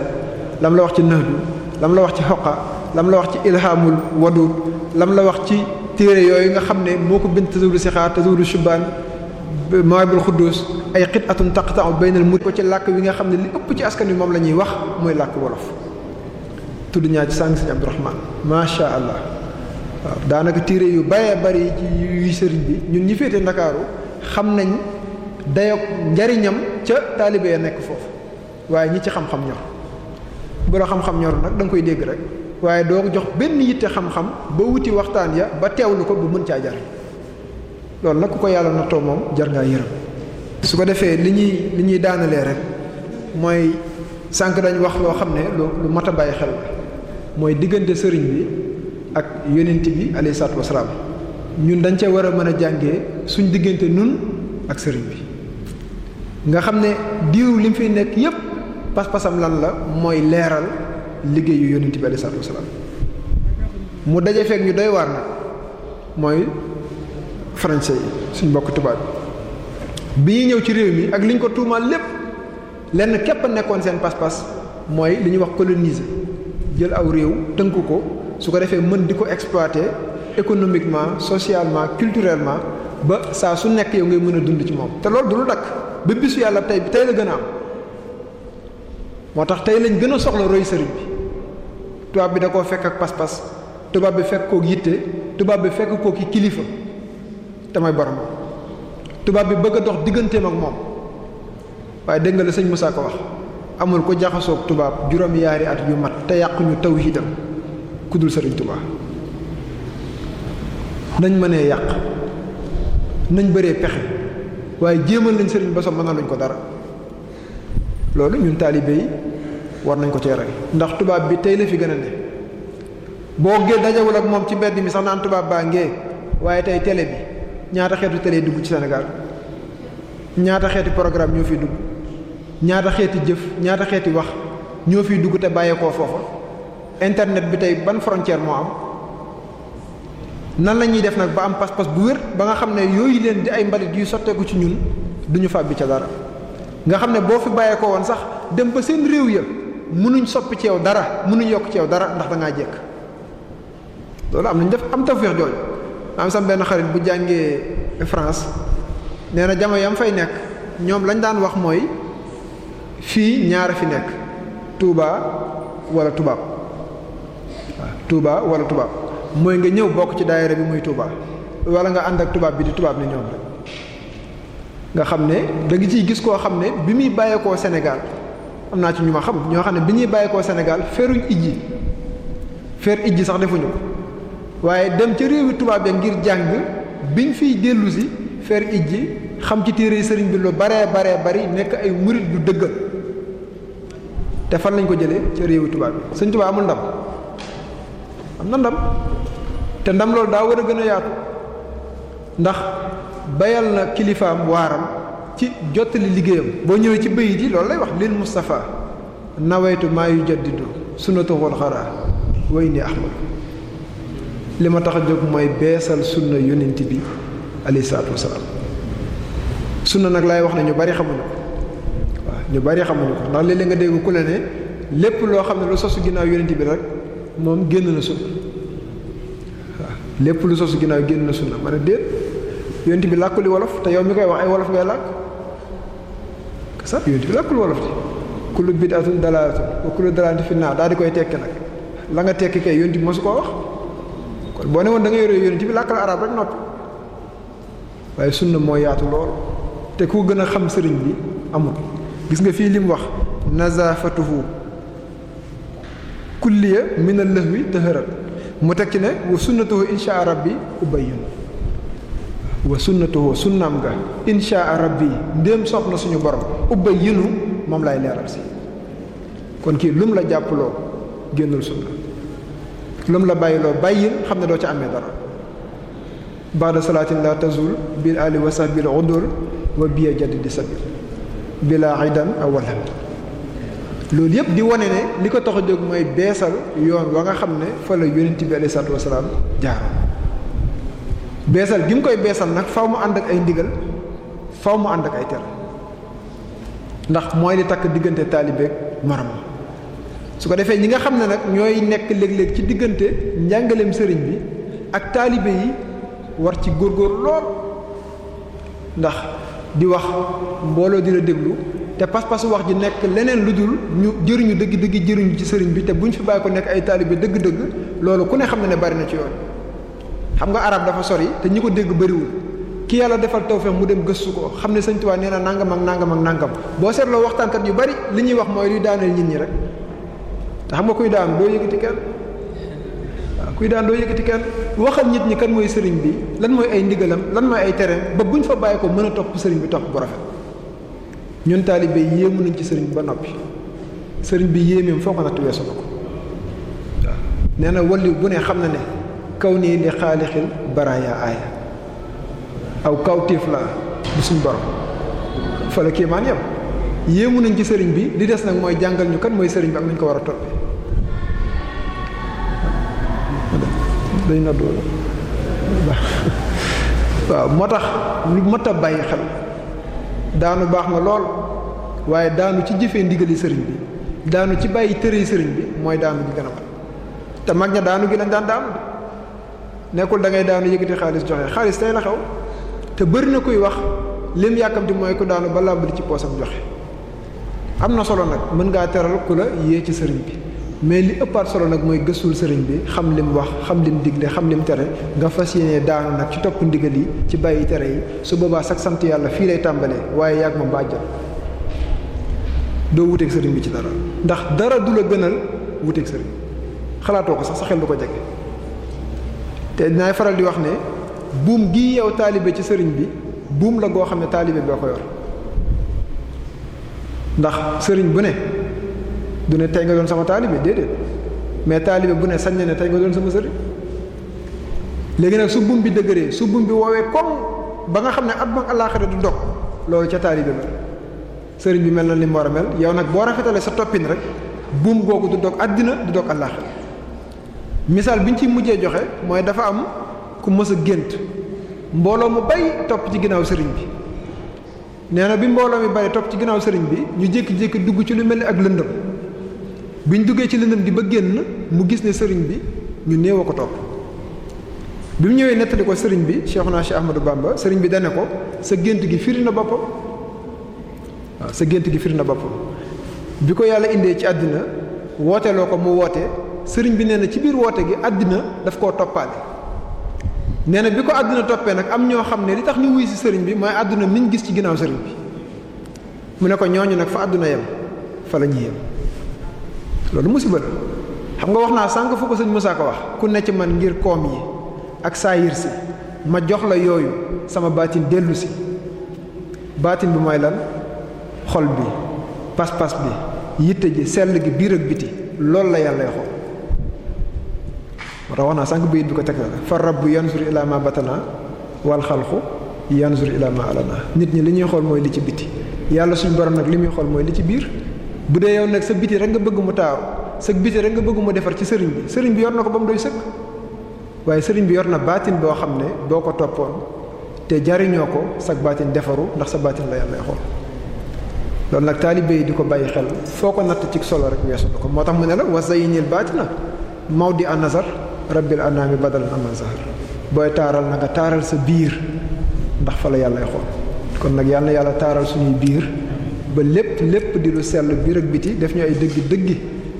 lam la wax ci nahdu lam la wax ci xoqa lam la wax ci ilhaamul wadud lam la wax ci téere yooyu nga xam ne moo ko bind tazawudu sixaar tazawudu shubaan mawaahibul xudduus ay xit atun taqta'u baynal murid ko ci làkk wi nga xam ne li ëpp ci askan wi moom la ñuy wax mooy làkk wolof tudd ñaa ci sàng sëñ Abdourahman macha allah waaw daanaka téere yu bëree bari yuy sëriñ bi ñun ñi féete ndakaaru xam nañ dayo njariñam ca taalibe ya nekk foofu waaye ñi ci xam-xam ñor bu xam-xam ñor nag da koy dégg rek waaye doo jox benn yitte xam-xam ba wuti waxtaan ya ba teew teewlu ko bu mën caa jar loolu nag ku ko yàlla nattoo moom jar ngaa yërëm su ko defee li ñuy li ñuy daanalee rek mooy sànq dañ wax loo xam ne lu lu mat a bàyyi xel mooy diggante sëriñ bi ak yonent bi alayhi salaatu wasalaam ñun dañ cee war a mën a jàngee suñ diggante nun ak sëriñ bi nga xam ne diiru li mu fiy nekk yépp pas-pasam lan la mooy leeral liggéeyu yonent bi alayhi salaatu wasalaam mu daje feek ñu doy waar nag mooy français yi suñ bokk tubaab bi ñëw ci réew mi ak liñ ko tuumaal lépp lenn képp nekkoon seen pas-pas mooy li ñuy wax coloniser jël aw réew tënk ko su ko defee mën di ko exploiter économiquement socialement culturellement ba saa su nekk yow ngay mën a dund ci moom te loolu du lu dakk ba bisu yàlla tey tey la gën a am moo tax tey lañ gën a soxla roy sëriñ bi tubaab bi da koo fekk ak pas-pas tubaab bi fekk kook yitte tubaab bi fekk kooki kilifa te mooy borom tubaab bi bëgg a dox digganteem ak moom waaye dégg nga la sëñ Moussa ko wax amul ko jaxasoog tubaab juróom yaari at yu mat te yàquñu tawhidam ku dul sëriñ Tuubaa nañ mënee yàq nañ bëree pexe waaye jéemal nañ sëriñ Basso mënaluñ ko dara loolu ñun taalibe yi war nañ ko cee ndax tubaab bi tey la fi gën a ne boo gee dajawul ak moom ci mbedd mi sax naan tubaab baa ngee waaye tey télé bi ñaata xeetu télé dugg ci Sénégal ñaata xeeti programme ñoo fi dugg ñaata xeeti jëf ñaata xeeti wax ñoo fiy dugg te bàyyeekoo foofa internet bi tey ban frontière moo am nan lañuy def nag ba am pas-pas bu wér ba nga xam ne yooyu leen di ay mbalit yu sotteeku ci ñun duñu fàbbi ca dara nga xam ne boo fi ko woon sax dem ba seen réew ya mënuñ soppi ci yow dara mënuñ yokk ci dara ndax da ngaa jekk loolu am nañ def am tawfeex jooju am sam benn xarit bu jàngee France nee na jamono yam fay nekk ñoom lañ daan wax mooy fii ñaara fi nekk Touba wala tubaab waaw Touba wala tubaab mooy nga ñëw bokk ci daayira bi muy Touba wala nga ànd ak tubaab bi di tubaab ni ñoom rek nga xam ne da nga ciy gis koo xam ne bi muy bàyyeekoo Sénégal am naa ci ñu ma xam ñoo xam ne bi ñuy bàyyeekoo Sénégal feruñ ijji fer ijji sax defuñu ko waaye dem ca réewi tubaab ya ngir jàng biñ fiy dellu si fer ijji xam ci téere sëriñ bi lu baree bare bari nekk ay murit yu dëggal te fan lañ ko jëlee ca réewi tubaab bi sëñ tubaab amul ndam am na ndam te ndam loolu daa war a gën a yaatu ndax bayal na kilifaam waaram ci jottali liggéeyam boo ñëwee ci bëyit yi loolu lay wax lil Mustafa nawetu maa yu jaddidu sunnatahu al xaraa way ni ahmad li ma tax a jóg mooy beesal sunna yonent bi alayhi salaatu wasalaam sunna nag laay wax na ñu bari xamuñu ko waaw ñu bari xamuñu ko ndax léeg-léeg nga dégg ku la ne lépp loo xam ne lu sosu ginnaaw yonent bi rek moom génn na sunna waaw lépp lu sosu ginnaaw génn na sunna ma ne déet yonent bi làkkuli wolof te yow mi koy wax ay wolof ngay làkk sax yonent bi làkkul wolof te kullu bid'atun dalaalatun wa kullu dalaalatin fi naar daal di koy tekki nag la nga tekki kay yonent kon boo ne woon da nga yore yonent bi làkkal arab rek noppi waaye sunna moo yaatu lool te ku gën a xam sëriñ bi amul gis nga fii li wax wax nazafatuhu kulliya min al-lahwi tahëral mu teg ci ne wa sunnatuhu insha rabbi ubayyun wa sunnatuhu sunnaam nga insha rabbi ndéem soob na suñu borom ubayyinu moom lay leeral si kon kii lum la jàppaloo génnul sunna lu mu la bàyyiloo bàyyil xam ne doo ca amee dara baada salaatin la tazul bil ali wa sahbil udur wa biya jaddi sabil bila idan loolu yëpp di wane ne li ko tax a jóg mooy beesal yoon wa nga xam ne fa la yonent bi alayhi salaatu wasalaam jaaroon beesal gi mu koy beesal nag faw mu ànd ak ay ndigal faw mu ànd ak ay ter ndax mooy li takk diggante taalibeeg moromam su ko defee ñi nga xam ne nag ñooy nekk léeg-léeg ci diggante njàngaleem sëriñ bi ak taalibe yi war ci góor lool ndax di wax mbooloo di la déglu te pas-pasu wax ji nekk leneen lu dul ñu jëriñu dëgg dëgg jëriñu ci sëriñ bi te bu ñu fi bàyyi ko nekk ay taalibe dëgg-dëgg loolu ku ne xam na ne bari na ci yoon xam nga arab dafa sori te ñi ko dégg bariwul ki yàlla defal tawfeex mu dem gëstu ko xam ne sëñ Tuubaa nee na nangam ak nangam ak nangam boo seetloo waxtaankat yu bari li ñuy wax mooy luy daaneel nit ñi rek te xam nga kuy daan doo yëkkati kenn kuy daan doo yëkkati kenn waxal nit ñi kan mooy sëriñ bi lan mooy ay ndigalam lan mooy ay terrain ba buñ fa bàyyi ko mën a topp sëriñ bi topp bu rafet ñun taalibe yéemu nañ ci sëriñ bi ba noppi sëriñ bi yéemeem foo ko natt weesu na ko waaw ne xam na ne kaw nii li xaalixil baraaya aaya aw la du suñ borom yam yéemu nañ ci sëriñ bi di des nag mooy jàngal ñu kan mooy sëriñ bi ak nañ ko war a toppee dañ nodd waaw moo tax lu mat a bàyyi xel daanu baax na lool waaye daanu ci jëfee ndigali sëriñ bi daanu ci bàyyi tëree sëriñ bi mooy daanu gi gën a mat te mag ña daanu gi lañ daan daanu nekkul da ngay daanu yëkkati xaalis joxe xaalis tey la xew te bari na kuy wax lim yàkkamti mooy ku daanu ba làmbali ci poosam joxe am na solo nag mën ngaa teral ku la yée ci sëriñ bi mais li ëppaat solo nag mooy gëstul sëriñ bi xam lim wax xam lim digle xam lim tere nga fas yéene daanu nag ci topp ndigal yi ci bàyyi tere yi su boobaa sax sant yàlla fii lay tàmbalee waaye yàgg moom ba àjjal doo wuteeg sëriñ bi ci dara ndax dara du la gënal wuteeg sëriñ xalaatoo ko sax xel du ko jege te dinaay faral di wax ne buum gi yow taalibe ci sëriñ bi buum la goo xam ne taalibe boo ko yor ndax sëriñ bu ne. du ne tey nga doon sama taalibe déedéet mais taalibe bu ne sañ na ne tey nga doon sama sëriñ léegi nag su buum bi dëgëree su buum bi woowee comme ba nga xam ne at ba du dog loolu ca taalibe mel sëriñ bi mel na li war a mel yow nag boo rafetalee sa toppin rek buum googu du dog àddina du dog àllaaxira misaal bi ci mujjee joxe mooy dafa am ku mës a gént mbooloo mu bay topp ci ginnaaw sëriñ bi nee na bi mbooloo mi bay topp ci ginnaaw sëriñ bi ñu jékki-jékki ci lu mel ni ak lëndëm biñ duggee ci lëndëm gi ba génn mu gis ne sëriñ bi ñu néew ko topp bi mu ñëwee nettali ko sëriñ bi Cheikhuna Cheikh Ahmadou Bamba sëriñ bi dane ko sa gént gi firi na boppam sa gént gi firi na boppam bi ko yàlla indee ci àddina wooteeloo ko mu woote sëriñ bi nee na ci biir woote gi àddina daf koo toppaale nee na bi ko àddina toppee nag am ñoo xam ne li tax ñu wuy si sëriñ bi mooy àdduna miñ gis ci ginnaaw sëriñ bi mu ne ko ñooñu nag fa àdduna yem fa la ñuy loolu musiba la xam nga wax naa sànq fu ko sëñ Moussa ko wax ku ne ci man ngir koom yi ak saayir si ma jox la yooyu sama baatin dellu si baatin bi mooy lan xol bi pas-pas bi yitte ji sell gi biir ak biti loolu la yàlla xool moo tax wax naa sànq bayit bi ko teg la fa rabbu yanzur ilaa ma batana wal xalqu yanzur ilaa ma alana nit ñi li ñuy xool mooy li ci biti yàlla suñu borom nag li muy xool mooy li ci biir bu dee yow nag sa biti rek nga bëgg mu taaru sa biti rek nga bëgg mu defar ci sëriñ bi sëriñ bi yor na ko ba mu doy sëkk waaye sëriñ bi yor na baatin boo xam ne boo ko toppoon te jariñoo ko sa baatin defaru ndax sa baatin la yàlla xool loolu nag taalibe yi di ko bàyyi xel foo ko natt ci solo rek weesu na ko moo tax mu ne la wa zayyinil baatina mawdi an nazar rabbil anami badal aman zahar booy taaral na nga taaral sa biir ndax fa yàllay xool kon na yàlla taaral suñuy biir ba lépp lépp di lu sell biir ak biti def ñu ay dëgg dëggi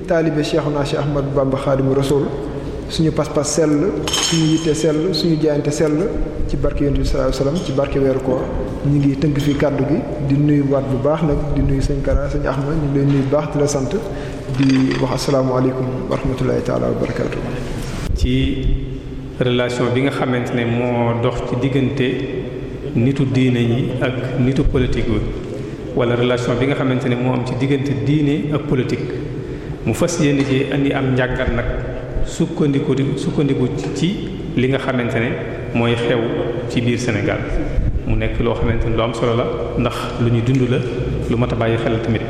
taalibe Cheikhuna Cheikh Ahmad Bamba Xaadimu Rasuul suñu pas-pas sell suñu yitte sell suñu jaayante sell ci barke yonent bi sallallahu ci barke weeru koor ñu ngi tënk fi kàddu gi di nuyu wat bu baax nag di nuyu sëñ Kara sëñ Ahmad ñu ngi lay nuyu bu baax di la sant di wax asalaamaaleykum wa rahmatulahi taala wa barakaatu. ci relation bi nga xamante ne moo dox ci diggante nitu diine yi ak nitu politique wala relation bi nga xamante ne moo am ci diggante diine ak politique mu fas yéene ci indi am njàngat nag sukkandiku sukkandiku ci li nga xamante ne mooy xew ci biir Sénégal mu nekk loo xamante ne lu am solo la ndax lu ñu dund la lu mat a bàyyi xel tamit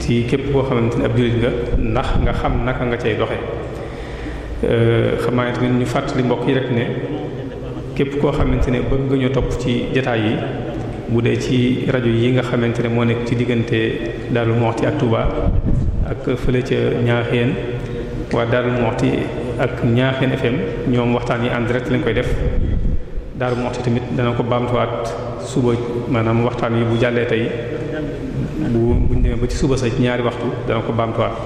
ci képp koo xamante ne ab jullit nga ndax nga xam naka nga cay doxe euh, xamaa ne ñu fàttali mbokk yi rek ne képp koo xamante ne bëgg nga ñoo topp ci jataay yi bu dee ci rajo yi nga xamante ne moo nekk ci diggante Darou Moukhty ak Touba ak fële ca Niakhène waa Darou Moukhty ak Niakhène FM ñoom waxtaan yi en direct lañ koy def Darou Moukhty tamit dana ko baamtuwaat suba maanaam waxtaan yi bu jàllee tey bu buñ demee ba ci suba sa ñaari waxtu dana ko baamtuwaat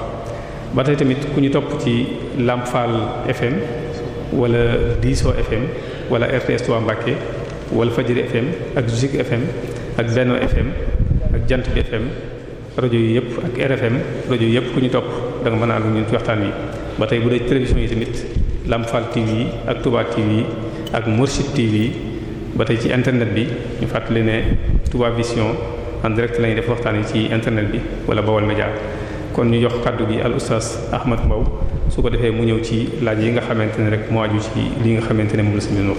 ba tey tamit ku ñu topp ci Lamp Fall FM wala Diso FM wala RTS 3 Mbacké Walfajri FM ak Zik FM ak Beno FM ak Jant bi FM rajo yi yëpp ak RFM rajo yi yëpp ku ñu topp da nga mën a lu ñu ci waxtaan wi. ba tey bu dee télévision yi tamit Lamfal TV ak Touba TV ak Mourchid TV ba tey ci internet bi ñu fàttali ne Touba Vision en direct lañuy def waxtaan wi ci internet bi wala Bawol Media kon ñu yox kàddu gi al oustaz Ahmad Mbow su ko defee mu ñëw ci laaj yi nga xamante ne rek moo aju ci li nga xamante ne moom la suñu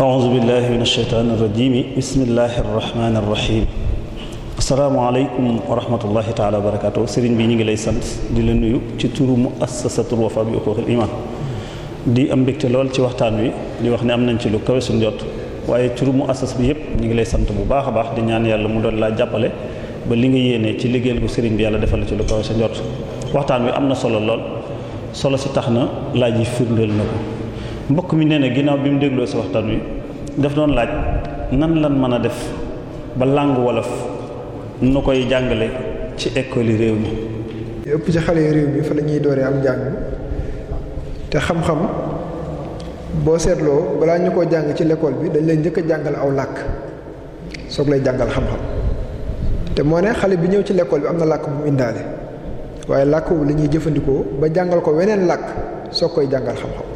أعوذ بالله من الشيطان الرجيم بسم الله الرحمن الرحيم asalaamaaleykum wa rahmatullahi taala wa barakaatu sëriñ bi ñu ngi lay sant di la nuyu ci turu mu assasatul wafa bi uquuqil iman di am mbégte lool ci waxtaan wi di wax ne am nañ ci lu kawe su njot waaye turu mu assas bi yëpp ñu ngi lay sant bu baax a baax di ñaan yàlla mu doon laa jàppale ba li nga yéene ci liggéeyal gu sëriñ bi yàlla defal la ci lu kawe sa njot waxtaan wi am na solo lool solo si tax na laaj yi firndeel na mbokk mi nee na ginnaaw bi mu dégloo si waxtaan wi daf doon laaj nan lan mën a def ba langue wolof nu koy jàngale ci école yi réew mi. ëpp ci xale yu réew mi fa lañuy dooree am jàng te xam-xam boo seetloo balaa ñu ko jàng ci lekkool bi dañ lay njëkk a jàngal aw làkk soog lay jàngal xam te moo xale bi ñëw ci l'école bi am na làkk bu mu indaale waaye làkk wu jëfandikoo ba jàngal ko weneen làkk soog koy jàngal xam-xam.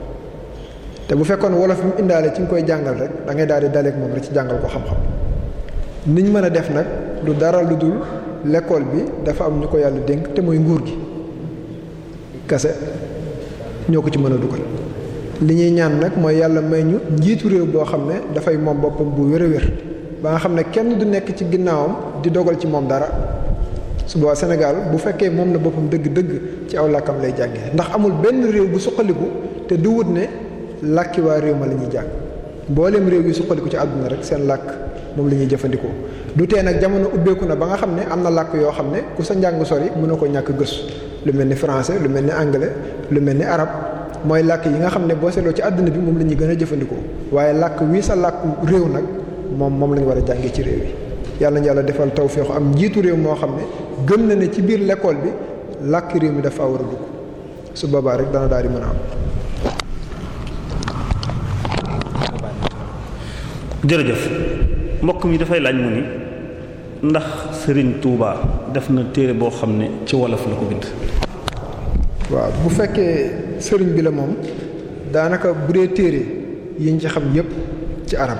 te bu fekkoon wolof bi indaale ci nga koy jàngal rek da ngay daal di daleek moom rek ci jàngal ko xam-xam niñ mën a def nag lu dara lu dul l'école bi dafa am ñu ko yàlla dénk te mooy nguur gi kase ñoo ko ci mën a dugal li ñuy ñaan nag mooy yàlla may ñu njiitu réew boo xam ne dafay moom boppam bu wér a wér ba nga xam ne kenn du nekk ci ginnaawam di dogal ci moom dara su boobaa Sénégal bu fekkee moom la boppam dëgg-dëgg ci aw làkkam lay jàngee ndax amul benn réew bu suqaliku làkki waa réew ma la ñuy jàng mboolem réew yi suqaliku ci àdduna rek seen làkk moom la ñuy jëfandikoo du tee nag jamono ubbeeku na ba nga xam ne am na làkk yoo xam ne ku sa njàng sori mën na ko ñàkk gëstu lu mel ni français lu mel ni anglais lu mel ni arab mooy làkk yi nga xam ne boo seetloo ci àdduna bi moom la ñuy gën a jëfandikoo waaye làkk wi sa làkku réew nag moom moom la ñu war a jàngee ci réew yi yàlla na yàlla defal tawféexu am njiitu réew moo xam ne gëm na ne ci biir l'école bi làkk réew mi dafa a dugg su boobaa rek dana daal di mën a jërëjëf mbokk mi dafay laaj mu ni ndax sëriñ tuubaa def na téere boo xam ne ci wolof la ko bind. waaw bu fekkee sëriñ bi la moom daanaka bu dee téere yiñ ci xam yépp ci arab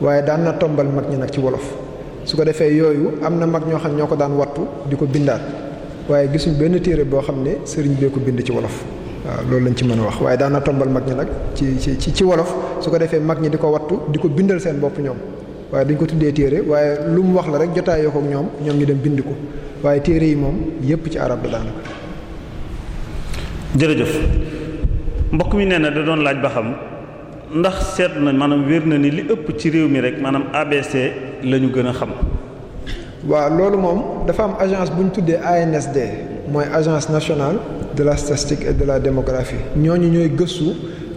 waaye daan na tombal mag ñi nag ci wolof su ko defee yooyu am na mag ñoo xam ñoo ko daan wattu di ko bindaat waaye gisuñ benn téere boo xam ne sëriñ bee ko bind ci wolof. waa loolu lañ ci mën a wax waaye daan na tombal mag ñi nag ci ci ci wolof su ko defee mag ñi di ko wattu di ko bindal seen bopp ñoom waaye duñ ko tuddee téere waaye lu mu wax la rek jotaayoo kook ñoom ñoom ñu dem bind ko waaye téere yi moom yépp ci arab la daanaka. jërëjëf mbokk mi nee na da doon laaj ba xam ndax seet na maanaam wér na ni li ëpp ci réew mi rek maanaam ABC la ñu gën a xam. waaw loolu moom dafa am agence bu ñu tuddee ANSD. mooy agence nationale de la statistique et de la démographie ñooñu ñooy gëstu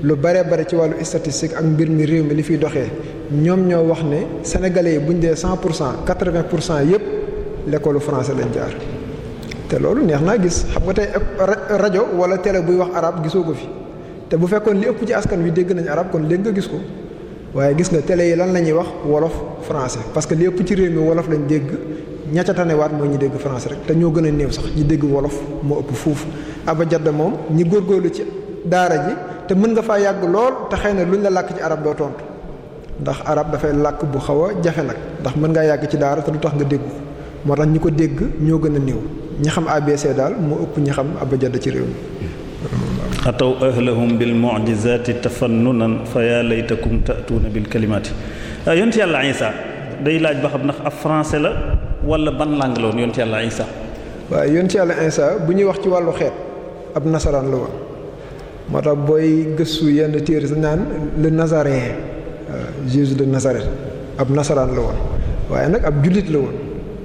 lu bare bare ci wàllu statistique ak mbir mi réew mi li fiy doxee ñoom ñoo wax ne sénégalais yi bu ñu dee cent pour cent quatre vingt pour cent yëpp l'école française lañ jaar. te loolu neex naa gis xam nga tey rajo wala télé buy wax arab gisoo ko fi te bu fekkoon li ëpp ci askan wi dégg nañ arab kon léegi nga gis ko waaye gis nga télé yi lan la ñuy wax wolof français parce que li ëpp ci réew mi wolof lañ dégg. ña ca tanewaat mooy ñi dégg français rek te ñoo gën a néew sax ñi dégg wolof moo ëpp fuuf aba jadda moom ñi góorgóorlu ci daara ji te mën nga faa yàgg lool te xëy na luñ la làkk ci arab doo tontu ndax arab dafay làkk bu xaw a jafe nag ndax mën ngaa yàgg ci daara te du tax nga dégg moo tax ñi ko dégg ñoo gën a néew ñi xam ABC daal moo ëpp ñi xam aba jadda ci réew mi ataw ahlahum bil mu'jizati tafannunan fa yaa laytakum ta'tuuna bil kalimati yont yàlla isa day laaj ba xam ndax ab français la wala ban langue la woon yonent yàlla Isa waaw bu ñuy wax ci wàllu xeet ab nasaraan la woon moo tax booy gëstu yenn téere sa naan le nazaréen euh, Jésus de Nazareth ab nasaraan la woon waaye nag ab jullit la woon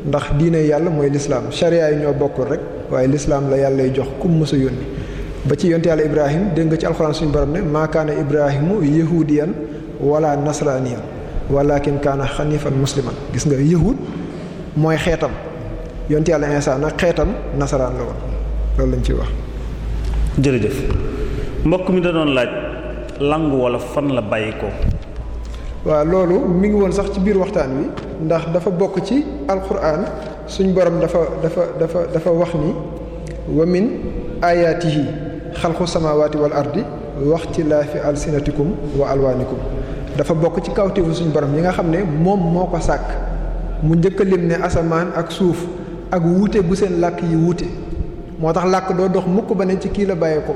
ndax diine yàlla mooy lislaam sharia yi ñoo bokkul rek waaye lislaam la yàlla lay jox kum mësa yónni ba ci yonte yàlla ibrahim dégg nga ci alxuraan suñu borom ne maa kaana ibrahimu yahudiyan wala nasraniyan walakin kaana xanifan musliman gis nga yahud mooy xeetam yonent yàlla Iisaa nag xeetam nasaraan la woon loolu lañ ci wax. jërëjëf mbokk mi da doon laaj langue wala fan la bàyyi ko. waaw loolu mi ngi woon sax ci biir waxtaan wi ndax dafa bokk ci alxuraan suñu borom dafa dafa dafa dafa wax ni wa min ayatihi xalqu samawati wal ardi waxtilaafi alsinatikum wa alwaanikum dafa bokk ci kawtéefu suñu borom yi nga xam ne moom moo ko sàkk mu njëkk a ne asamaan ak suuf ak wuute bu seen làkk yi wuute moo tax làkk doo dox mukk ba ne ci kii la bàyyee ko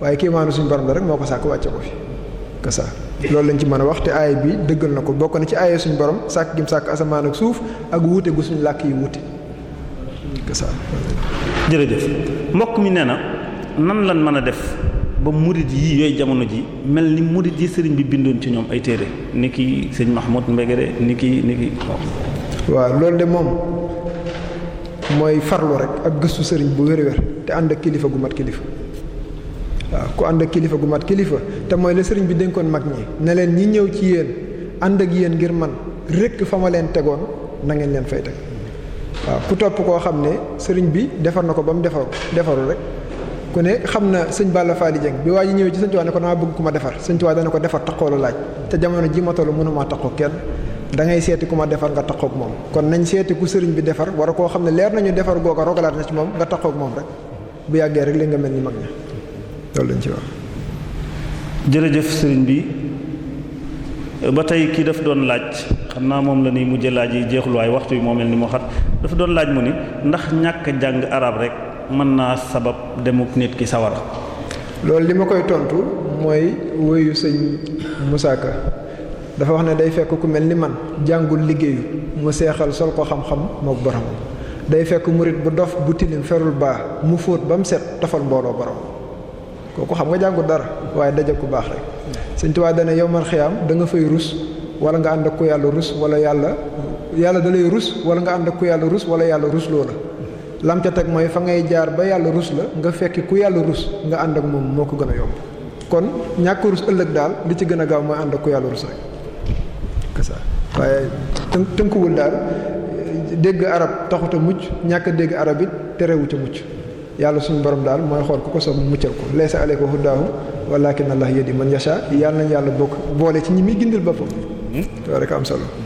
waaye kii maanu suñu borom la rek moo ko sàkk wàcce ko fi kasa loolu lañ ci mën a wax te aaya bi dëggal na ko bokk na ci aaya suñu borom sàkk gim sàkk asamaan ak suuf ak wuute gu suñu làkk yi wuute kasa jërëjëf mbokk mi nee na nan lan mën a def ba murid yii yooyu jamono ji mel ni murid yi sëriñ bi bindoon ci ñoom ay téere ni ki sëñ Mahmoud Mbegere ni ki ni ki waaw loolu de moom mooy farlu rek ak gëstu sëriñ bu wér-wér te ànd ak kilifa gu mat kilifa ku ànd kilifa gu mat kilifa te mooy la sëriñ bi dénkoon mag ñi ne leen ñi ñëw ci yéen ànd ak yéen ngir man rek fa ma leen tegoon nangeen leen fay teg waaw ku topp koo xam ne sëriñ bi defar na ko ba mu defaru defaru rek ku ne xam na sëñ Balla Fally Dieng bi waa ji ñëwee ci sëñ Tuubaa ne ko damaa bëgg ku ma defar sëñ Tuubaa dana ko defar taqoolu laaj te jamono ji ma tollu mënumaa taqoo kenn dangay ngay seeti ku ma defar nga taqoog moom kon nañ seeti ku sëriñ bi defar war a koo xam ne leer nañu defar googa rogalaat na ci moom nga taqoog moom rek bu yàggee rek li nga mel ni mag ña loolu ci wax jërëjëf sëriñ bi ba tey kii daf doon laaj xam naa moom la ni mujjë laaj yi jeexul waaye waxtu yi moo mel ni moo xat dafa doon laaj mu ni ndax ñàkk jàng arab rek man naa sabab demuk nit ki sawar loolu li ma koy tontu mooy woyu sëñ Moussa Ka dafa wax ne day fekk ku mel ni man jàngul liggéeyu mu seexal sol ko xam-xam mook boromam day fekk murit bu dof bu tilim ferul baax mu fóot ba mu set tafal mbooloo borom kooku xam nga jàngul dara waaye daje ku baax rek sëñ Tuubaa dana yowmal xiyaam da nga fay rus wala nga ànd ak ku yàlla rus wala yàlla yàlla da lay rus wala nga ànd ak ku yàlla rus wala yàlla rus loola lam ca teg mooy fa ngay jaar ba yàlla ruus la nga fekki ku yàlla ruus nga ànd ak moom moo ko gën a yomb kon ñàkk ruus ëllëg daal li ci gën a gaaw mooy ànd ak ku yàlla rus rek waaye tënk tënkuwul daal dégg arab taxut a mucc ñàkk dégg arab it terewu ca mucc yàlla suñu borom daal mooy xool ku ko soob muccal ko laysa aleyka hudaahum walaakin allah yahdi man yashaa yàlla nañ yàlla bokk boole ci ñi muy gindil boppam hmm? loolu rek am solo